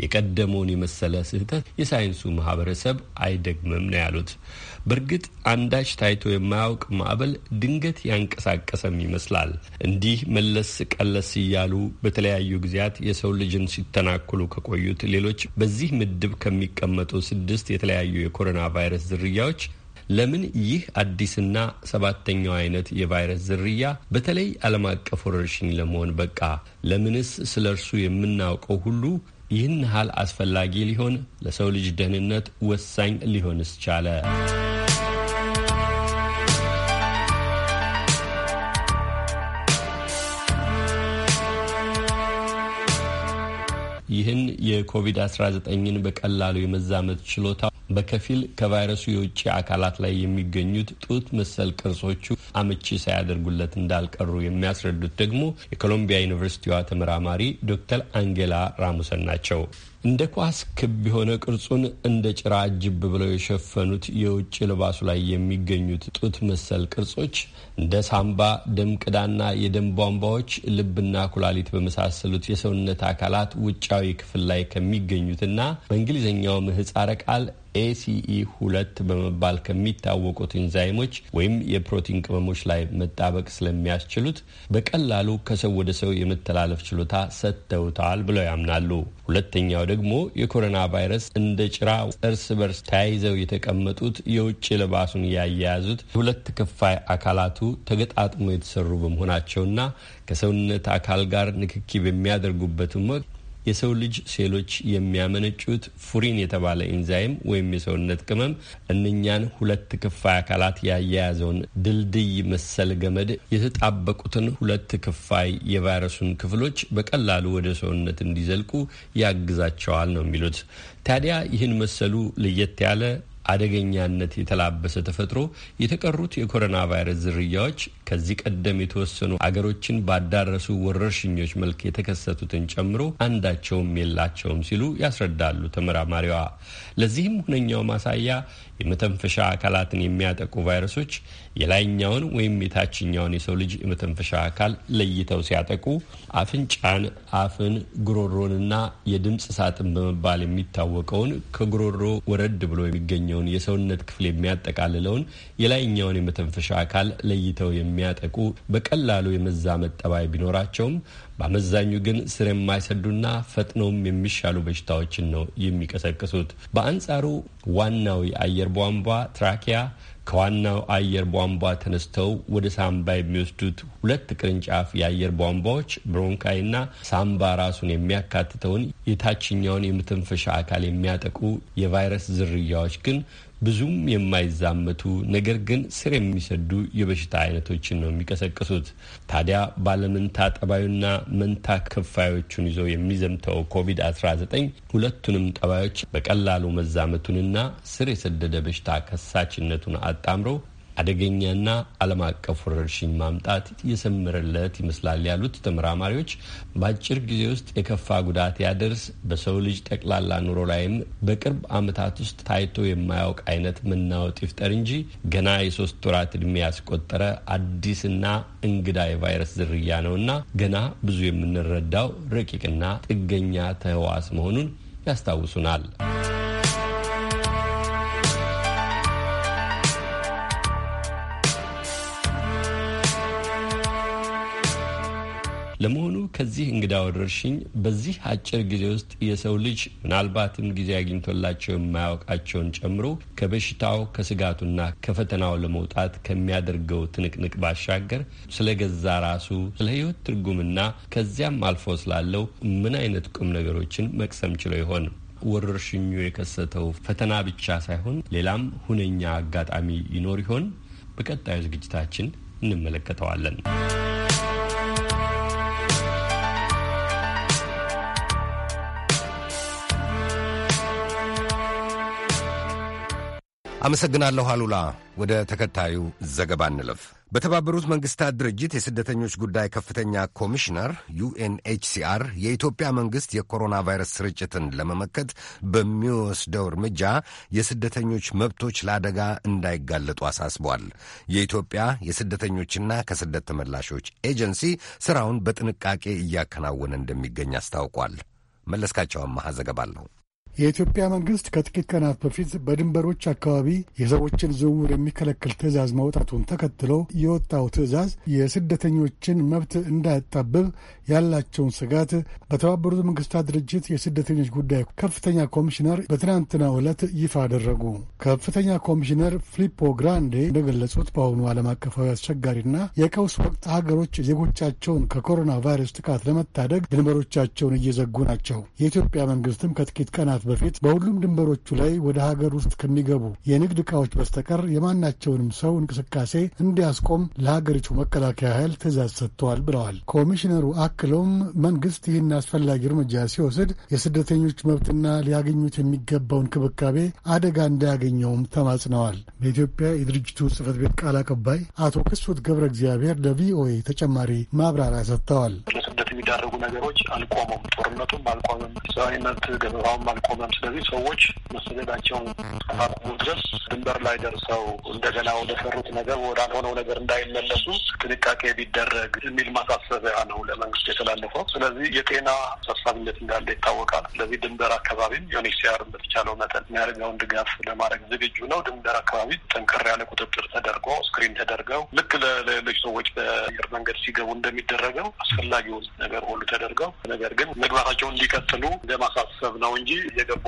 የቀደመውን የመሰለ ስህተት የሳይንሱ ማህበረሰብ አይደግምም ነው ያሉት። በእርግጥ አንዳች ታይቶ የማያውቅ ማዕበል ድንገት ያንቀሳቀሰም ይመስላል። እንዲህ መለስ ቀለስ እያሉ በተለያዩ ጊዜያት የሰው ልጅን ሲተናክሉ ከቆዩት ሌሎች በዚህ ምድብ ከሚቀመጡ ስድስት የተለያዩ የኮሮና ቫይረስ ዝርያዎች ለምን ይህ አዲስና ሰባተኛው አይነት የቫይረስ ዝርያ በተለይ ዓለም አቀፍ ወረርሽኝ ለመሆን በቃ? ለምንስ ስለ እርሱ የምናውቀው ሁሉ ይህን ያህል አስፈላጊ ሊሆን ለሰው ልጅ ደህንነት ወሳኝ ሊሆንስ ቻለ? ይህን የኮቪድ-19ን በቀላሉ የመዛመት ችሎታ በከፊል ከቫይረሱ የውጭ አካላት ላይ የሚገኙት ጡት መሰል ቅርጾቹ አመቺ ሳያደርጉለት እንዳልቀሩ የሚያስረዱት ደግሞ የኮሎምቢያ ዩኒቨርሲቲዋ ተመራማሪ ዶክተር አንጌላ ራሙሰን ናቸው። እንደ ኳስ ክብ የሆነ ቅርጹን እንደ ጭራ ጅብ ብለው የሸፈኑት የውጭ ልባሱ ላይ የሚገኙት ጡት መሰል ቅርጾች እንደ ሳምባ፣ ደም ቅዳና የደም ቧንቧዎች፣ ልብና ኩላሊት በመሳሰሉት የሰውነት አካላት ውጫዊ ክፍል ላይ ከሚገኙትና በእንግሊዝኛው ምህጻረ ቃል ኤሲኢ ሁለት በመባል ከሚታወቁት ኢንዛይሞች ወይም የፕሮቲን ቅመሞች ላይ መጣበቅ ስለሚያስችሉት በቀላሉ ከሰው ወደ ሰው የመተላለፍ ችሎታ ሰጥተውታል ብለው ያምናሉ። ሁለተኛው ደግሞ የኮሮና ቫይረስ እንደ ጭራ እርስ በርስ ተያይዘው የተቀመጡት የውጭ ልባሱን እያያያዙት ሁለት ክፋይ አካላቱ ተገጣጥሞ የተሰሩ በመሆናቸውና ከሰውነት አካል ጋር ንክኪ በሚያደርጉበትም ወቅት የሰው ልጅ ሴሎች የሚያመነጩት ፉሪን የተባለ ኢንዛይም ወይም የሰውነት ቅመም እነኛን ሁለት ክፋይ አካላት ያያያዘውን ድልድይ መሰል ገመድ የተጣበቁትን ሁለት ክፋይ የቫይረሱን ክፍሎች በቀላሉ ወደ ሰውነት እንዲዘልቁ ያግዛቸዋል ነው የሚሉት። ታዲያ ይህን መሰሉ ለየት ያለ አደገኛነት የተላበሰ ተፈጥሮ የተቀሩት የኮሮና ቫይረስ ዝርያዎች ከዚህ ቀደም የተወሰኑ አገሮችን ባዳረሱ ወረርሽኞች መልክ የተከሰቱትን ጨምሮ አንዳቸውም የላቸውም ሲሉ ያስረዳሉ ተመራማሪዋ። ለዚህም ሁነኛው ማሳያ የመተንፈሻ አካላትን የሚያጠቁ ቫይረሶች የላይኛውን ወይም የታችኛውን የሰው ልጅ የመተንፈሻ አካል ለይተው ሲያጠቁ አፍንጫን፣ አፍን፣ ጉሮሮንና የድምፅ ሳጥን በመባል የሚታወቀውን ከጉሮሮ ወረድ ብሎ የሚገኘውን የሰውነት ክፍል የሚያጠቃልለውን የላይኛውን የመተንፈሻ አካል ለይተው የሚያጠቁ በቀላሉ የመዛመት ጠባይ ቢኖራቸውም በአመዛኙ ግን ስር የማይሰዱና ፈጥነውም የሚሻሉ በሽታዎችን ነው የሚቀሰቅሱት። በአንጻሩ ዋናው የአየር ቧንቧ ትራኪያ ከዋናው አየር ቧንቧ ተነስተው ወደ ሳምባ የሚወስዱት ሁለት ቅርንጫፍ የአየር ቧንቧዎች ብሮንካይና ሳምባ ራሱን የሚያካትተውን የታችኛውን የምትንፈሻ አካል የሚያጠቁ የቫይረስ ዝርያዎች ግን ብዙም የማይዛመቱ ነገር ግን ስር የሚሰዱ የበሽታ አይነቶችን ነው የሚቀሰቅሱት። ታዲያ ባለመንታ ጠባዩና መንታ ክፋዮቹን ይዞ የሚዘምተው ኮቪድ-19 ሁለቱንም ጠባዮች በቀላሉ መዛመቱንና ስር የሰደደ በሽታ ከሳችነቱን አጣምሮ አደገኛና ዓለም አቀፍ ወረርሽኝ ማምጣት የሰምርለት ይመስላል ያሉት ተመራማሪዎች በአጭር ጊዜ ውስጥ የከፋ ጉዳት ያደርስ፣ በሰው ልጅ ጠቅላላ ኑሮ ላይም በቅርብ ዓመታት ውስጥ ታይቶ የማያውቅ አይነት መናወጥ ይፍጠር እንጂ ገና የሶስት ወራት ዕድሜ ያስቆጠረ አዲስና እንግዳ የቫይረስ ዝርያ ነውና ገና ብዙ የምንረዳው ረቂቅና ጥገኛ ተህዋስ መሆኑን ያስታውሱናል። ለመሆኑ ከዚህ እንግዳ ወረርሽኝ በዚህ አጭር ጊዜ ውስጥ የሰው ልጅ ምናልባትም ጊዜ አግኝቶላቸው የማያውቃቸውን ጨምሮ ከበሽታው ከስጋቱና ከፈተናው ለመውጣት ከሚያደርገው ትንቅንቅ ባሻገር ስለ ገዛ ራሱ ስለ ሕይወት ትርጉምና ከዚያም አልፎ ስላለው ምን አይነት ቁም ነገሮችን መቅሰም ችሎ ይሆን? ወረርሽኙ የከሰተው ፈተና ብቻ ሳይሆን ሌላም ሁነኛ አጋጣሚ ይኖር ይሆን? በቀጣዩ ዝግጅታችን እንመለከተዋለን። አመሰግናለሁ አሉላ። ወደ ተከታዩ ዘገባ እንለፍ። በተባበሩት መንግስታት ድርጅት የስደተኞች ጉዳይ ከፍተኛ ኮሚሽነር ዩኤንኤችሲአር የኢትዮጵያ መንግስት የኮሮና ቫይረስ ስርጭትን ለመመከት በሚወስደው እርምጃ የስደተኞች መብቶች ለአደጋ እንዳይጋለጡ አሳስቧል። የኢትዮጵያ የስደተኞችና ከስደት ተመላሾች ኤጀንሲ ስራውን በጥንቃቄ እያከናወነ እንደሚገኝ አስታውቋል። መለስካቸው አማሃ ዘገባ የኢትዮጵያ መንግስት ከጥቂት ቀናት በፊት በድንበሮች አካባቢ የሰዎችን ዝውውር የሚከለክል ትዕዛዝ ማውጣቱን ተከትሎ የወጣው ትዕዛዝ የስደተኞችን መብት እንዳያጣብብ ያላቸውን ስጋት በተባበሩት መንግስታት ድርጅት የስደተኞች ጉዳይ ከፍተኛ ኮሚሽነር በትናንትና ዕለት ይፋ አደረጉ። ከፍተኛ ኮሚሽነር ፊሊፖ ግራንዴ እንደገለጹት በአሁኑ ዓለም አቀፋዊ አስቸጋሪና የቀውስ ወቅት ሀገሮች ዜጎቻቸውን ከኮሮና ቫይረስ ጥቃት ለመታደግ ድንበሮቻቸውን እየዘጉ ናቸው። የኢትዮጵያ መንግስትም ከጥቂት ቀናት በፊት በሁሉም ድንበሮቹ ላይ ወደ ሀገር ውስጥ ከሚገቡ የንግድ ዕቃዎች በስተቀር የማናቸውንም ሰው እንቅስቃሴ እንዲያስቆም ለሀገሪቱ መከላከያ ኃይል ትእዛዝ ሰጥተዋል ብለዋል። ኮሚሽነሩ አክለውም መንግስት ይህን አስፈላጊ እርምጃ ሲወስድ የስደተኞች መብትና ሊያገኙት የሚገባውን ክብካቤ አደጋ እንዳያገኘውም ተማጽነዋል። በኢትዮጵያ የድርጅቱ ጽህፈት ቤት ቃል አቀባይ አቶ ክሱት ገብረ እግዚአብሔር ለቪኦኤ ተጨማሪ ማብራሪያ ሰጥተዋል። ለስደት የሚዳረጉ ነገሮች አልቆሙም፣ ጦርነቱም አልቆምም፣ ሰብአዊ መብት ገበባውም አልቆምም። አይቻልም። ስለዚህ ሰዎች መሰገዳቸውን እስከማቆሙ ድረስ ድንበር ላይ ደርሰው እንደገና ወደ ነገር ወዳልሆነው ነገር እንዳይመለሱ ጥንቃቄ ቢደረግ የሚል ማሳሰቢያ ነው ለመንግስት የተላለፈው። ስለዚህ የጤና ሰሳቢነት እንዳለ ይታወቃል። ስለዚህ ድንበር አካባቢም ዩኒክሲያር በተቻለው መጠን የሚያደርገውን ድጋፍ ለማድረግ ዝግጁ ነው። ድንበር አካባቢ ጠንከር ያለ ቁጥጥር ተደርጎ ስክሪን ተደርገው ልክ ለሌሎች ሰዎች በአየር መንገድ ሲገቡ እንደሚደረገው አስፈላጊውን ነገር ሁሉ ተደርገው ነገር ግን መግባታቸውን እንዲቀጥሉ ለማሳሰብ ነው እንጂ የገቡ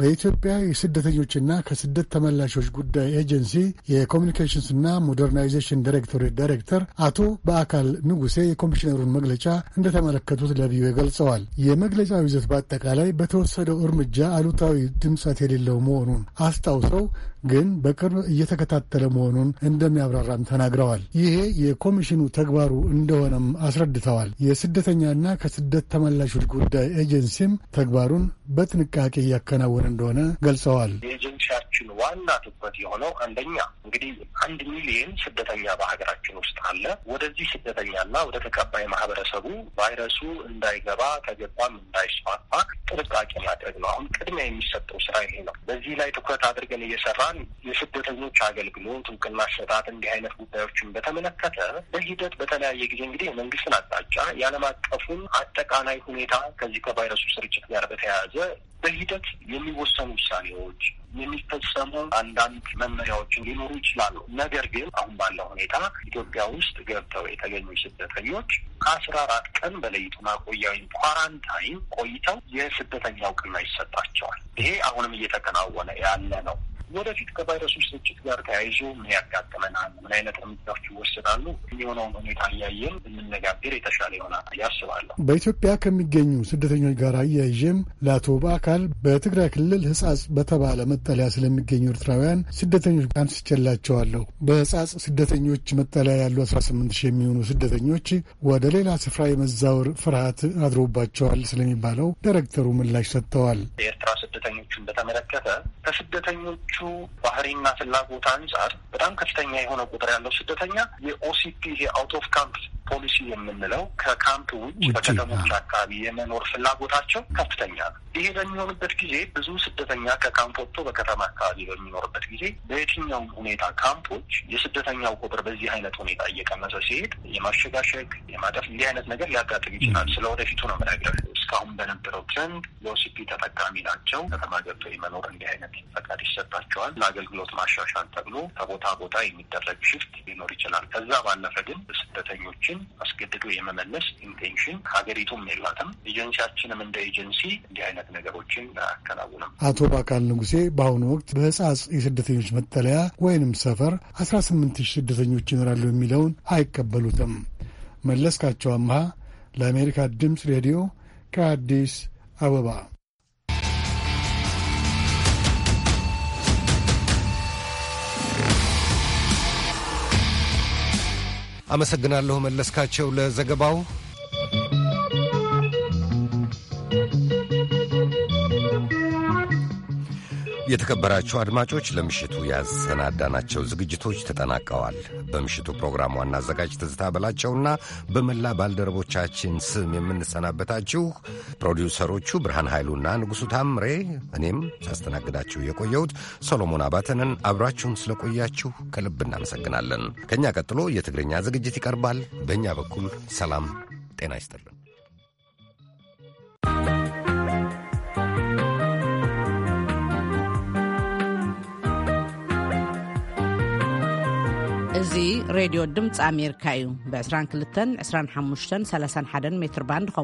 በኢትዮጵያ የስደተኞችና ከስደት ተመላሾች ጉዳይ ኤጀንሲ የኮሚኒኬሽንስና ሞደርናይዜሽን ዳይሬክቶሬት ዳይሬክተር አቶ በአካል ንጉሴ የኮሚሽነሩን መግለጫ እንደተመለከቱት ለቪኦኤ ገልጸዋል። የመግለጫው ይዘት በአጠቃላይ በተወሰደው እርምጃ አሉታዊ ድምጸት የሌለው መሆኑን አስታውሰው ግን በቅርብ እየተከታተለ መሆኑን እንደሚያብራራም ተናግረዋል። ይሄ የኮሚሽኑ ተግባሩ እንደሆነም አስረድተዋል። የስደተኛና ከስደት ተመላሾች ጉዳይ ኤጀንሲም ተግባሩን በጥንቃቄ እያከናወነ እንደሆነ ገልጸዋል። የኤጀንሲያችን ዋና ትኩረት የሆነው አንደኛ እንግዲህ አንድ ሚሊየን ስደተኛ በሀገራችን ውስጥ አለ። ወደዚህ ስደተኛና ወደ ተቀባይ ማህበረሰቡ ቫይረሱ እንዳይገባ ተገባም እንዳይስፋፋ ጥንቃቄ ማድረግ ነው። አሁን ቅድሚያ የሚሰጠው ስራ ይሄ ነው። በዚህ ላይ ትኩረት አድርገን እየሰራ። እንኳን የስደተኞች አገልግሎት እውቅና ማሰጣት እንዲህ አይነት ጉዳዮችን በተመለከተ በሂደት በተለያየ ጊዜ እንግዲህ የመንግስትን አቅጣጫ የዓለም አቀፉን አጠቃላይ ሁኔታ ከዚህ ከቫይረሱ ስርጭት ጋር በተያያዘ በሂደት የሚወሰኑ ውሳኔዎች የሚፈጸሙ አንዳንድ መመሪያዎችን ሊኖሩ ይችላሉ። ነገር ግን አሁን ባለው ሁኔታ ኢትዮጵያ ውስጥ ገብተው የተገኙ ስደተኞች ከአስራ አራት ቀን በለይቶ ማቆያ ወይም ኳራንታይን ቆይተው የስደተኛ እውቅና ይሰጣቸዋል። ይሄ አሁንም እየተከናወነ ያለ ነው። ወደፊት ከቫይረሱ ስርጭት ጋር ተያይዞ ምን ያጋጥመናል፣ ምን አይነት እርምጃዎች ይወሰዳሉ፣ የሆነውን ሁኔታ እያየን ብንነጋገር የተሻለ ይሆናል ያስባለሁ። በኢትዮጵያ ከሚገኙ ስደተኞች ጋር አያይዤም ለአቶ በአካል በትግራይ ክልል ህጻጽ በተባለ መጠለያ ስለሚገኙ ኤርትራውያን ስደተኞች አንስቼላቸዋለሁ። በህጻጽ ስደተኞች መጠለያ ያሉ አስራ ስምንት ሺህ የሚሆኑ ስደተኞች ወደ ሌላ ስፍራ የመዛወር ፍርሃት አድሮባቸዋል ስለሚባለው ዳይሬክተሩ ምላሽ ሰጥተዋል። የኤርትራ ስደተኞችን በተመለከተ ከስደተኞች ከሀገሮቹ ባህሪና ፍላጎት አንጻር በጣም ከፍተኛ የሆነ ቁጥር ያለው ስደተኛ የኦሲፒ ይሄ አውት ኦፍ ካምፕ ፖሊሲ የምንለው ከካምፕ ውጭ በከተሞች አካባቢ የመኖር ፍላጎታቸው ከፍተኛ ነው። ይሄ በሚሆንበት ጊዜ ብዙ ስደተኛ ከካምፕ ወጥቶ በከተማ አካባቢ በሚኖርበት ጊዜ በየትኛውም ሁኔታ ካምፖች የስደተኛው ቁጥር በዚህ አይነት ሁኔታ እየቀነሰ ሲሄድ የማሸጋሸግ የማጠፍ እንዲህ አይነት ነገር ሊያጋጥም ይችላል። ስለ ወደፊቱ ነው ምናገር እስካሁን በነበረው ትረንድ የኦሲፒ ተጠቃሚ ናቸው። ከተማ ገብቶ የመኖር እንዲህ አይነት ፈቃድ ይሰጣቸዋል። ለአገልግሎት ማሻሻል ተብሎ ከቦታ ቦታ የሚደረግ ሽፍት ሊኖር ይችላል። ከዛ ባለፈ ግን ስደተኞችን አስገድዶ የመመለስ ኢንቴንሽን ሀገሪቱም የላትም። ኤጀንሲያችንም እንደ ኤጀንሲ እንዲህ አይነት ነገሮችን አያከናውንም። አቶ ባካል ንጉሴ በአሁኑ ወቅት በሕጻጽ የስደተኞች መጠለያ ወይንም ሰፈር አስራ ስምንት ሺህ ስደተኞች ይኖራሉ የሚለውን አይቀበሉትም። መለስካቸው አምሃ ለአሜሪካ ድምፅ ሬዲዮ ከአዲስ አበባ። አመሰግናለሁ መለስካቸው ለዘገባው። የተከበራችሁ አድማጮች ለምሽቱ ያሰናዳናቸው ዝግጅቶች ተጠናቀዋል። በምሽቱ ፕሮግራም ዋና አዘጋጅ ትዝታ በላቸውና በመላ ባልደረቦቻችን ስም የምንሰናበታችሁ ፕሮዲውሰሮቹ ብርሃን ኃይሉና ንጉሡ ታምሬ፣ እኔም ሳስተናግዳችሁ የቆየሁት ሰሎሞን አባተንን አብራችሁን ስለቆያችሁ ከልብ እናመሰግናለን። ከእኛ ቀጥሎ የትግርኛ ዝግጅት ይቀርባል። በእኛ በኩል ሰላም ጤና ይስጥልን። እዚ ሬድዮ ድምፂ ኣሜሪካ እዩ ብ22 ሜትር ባንድ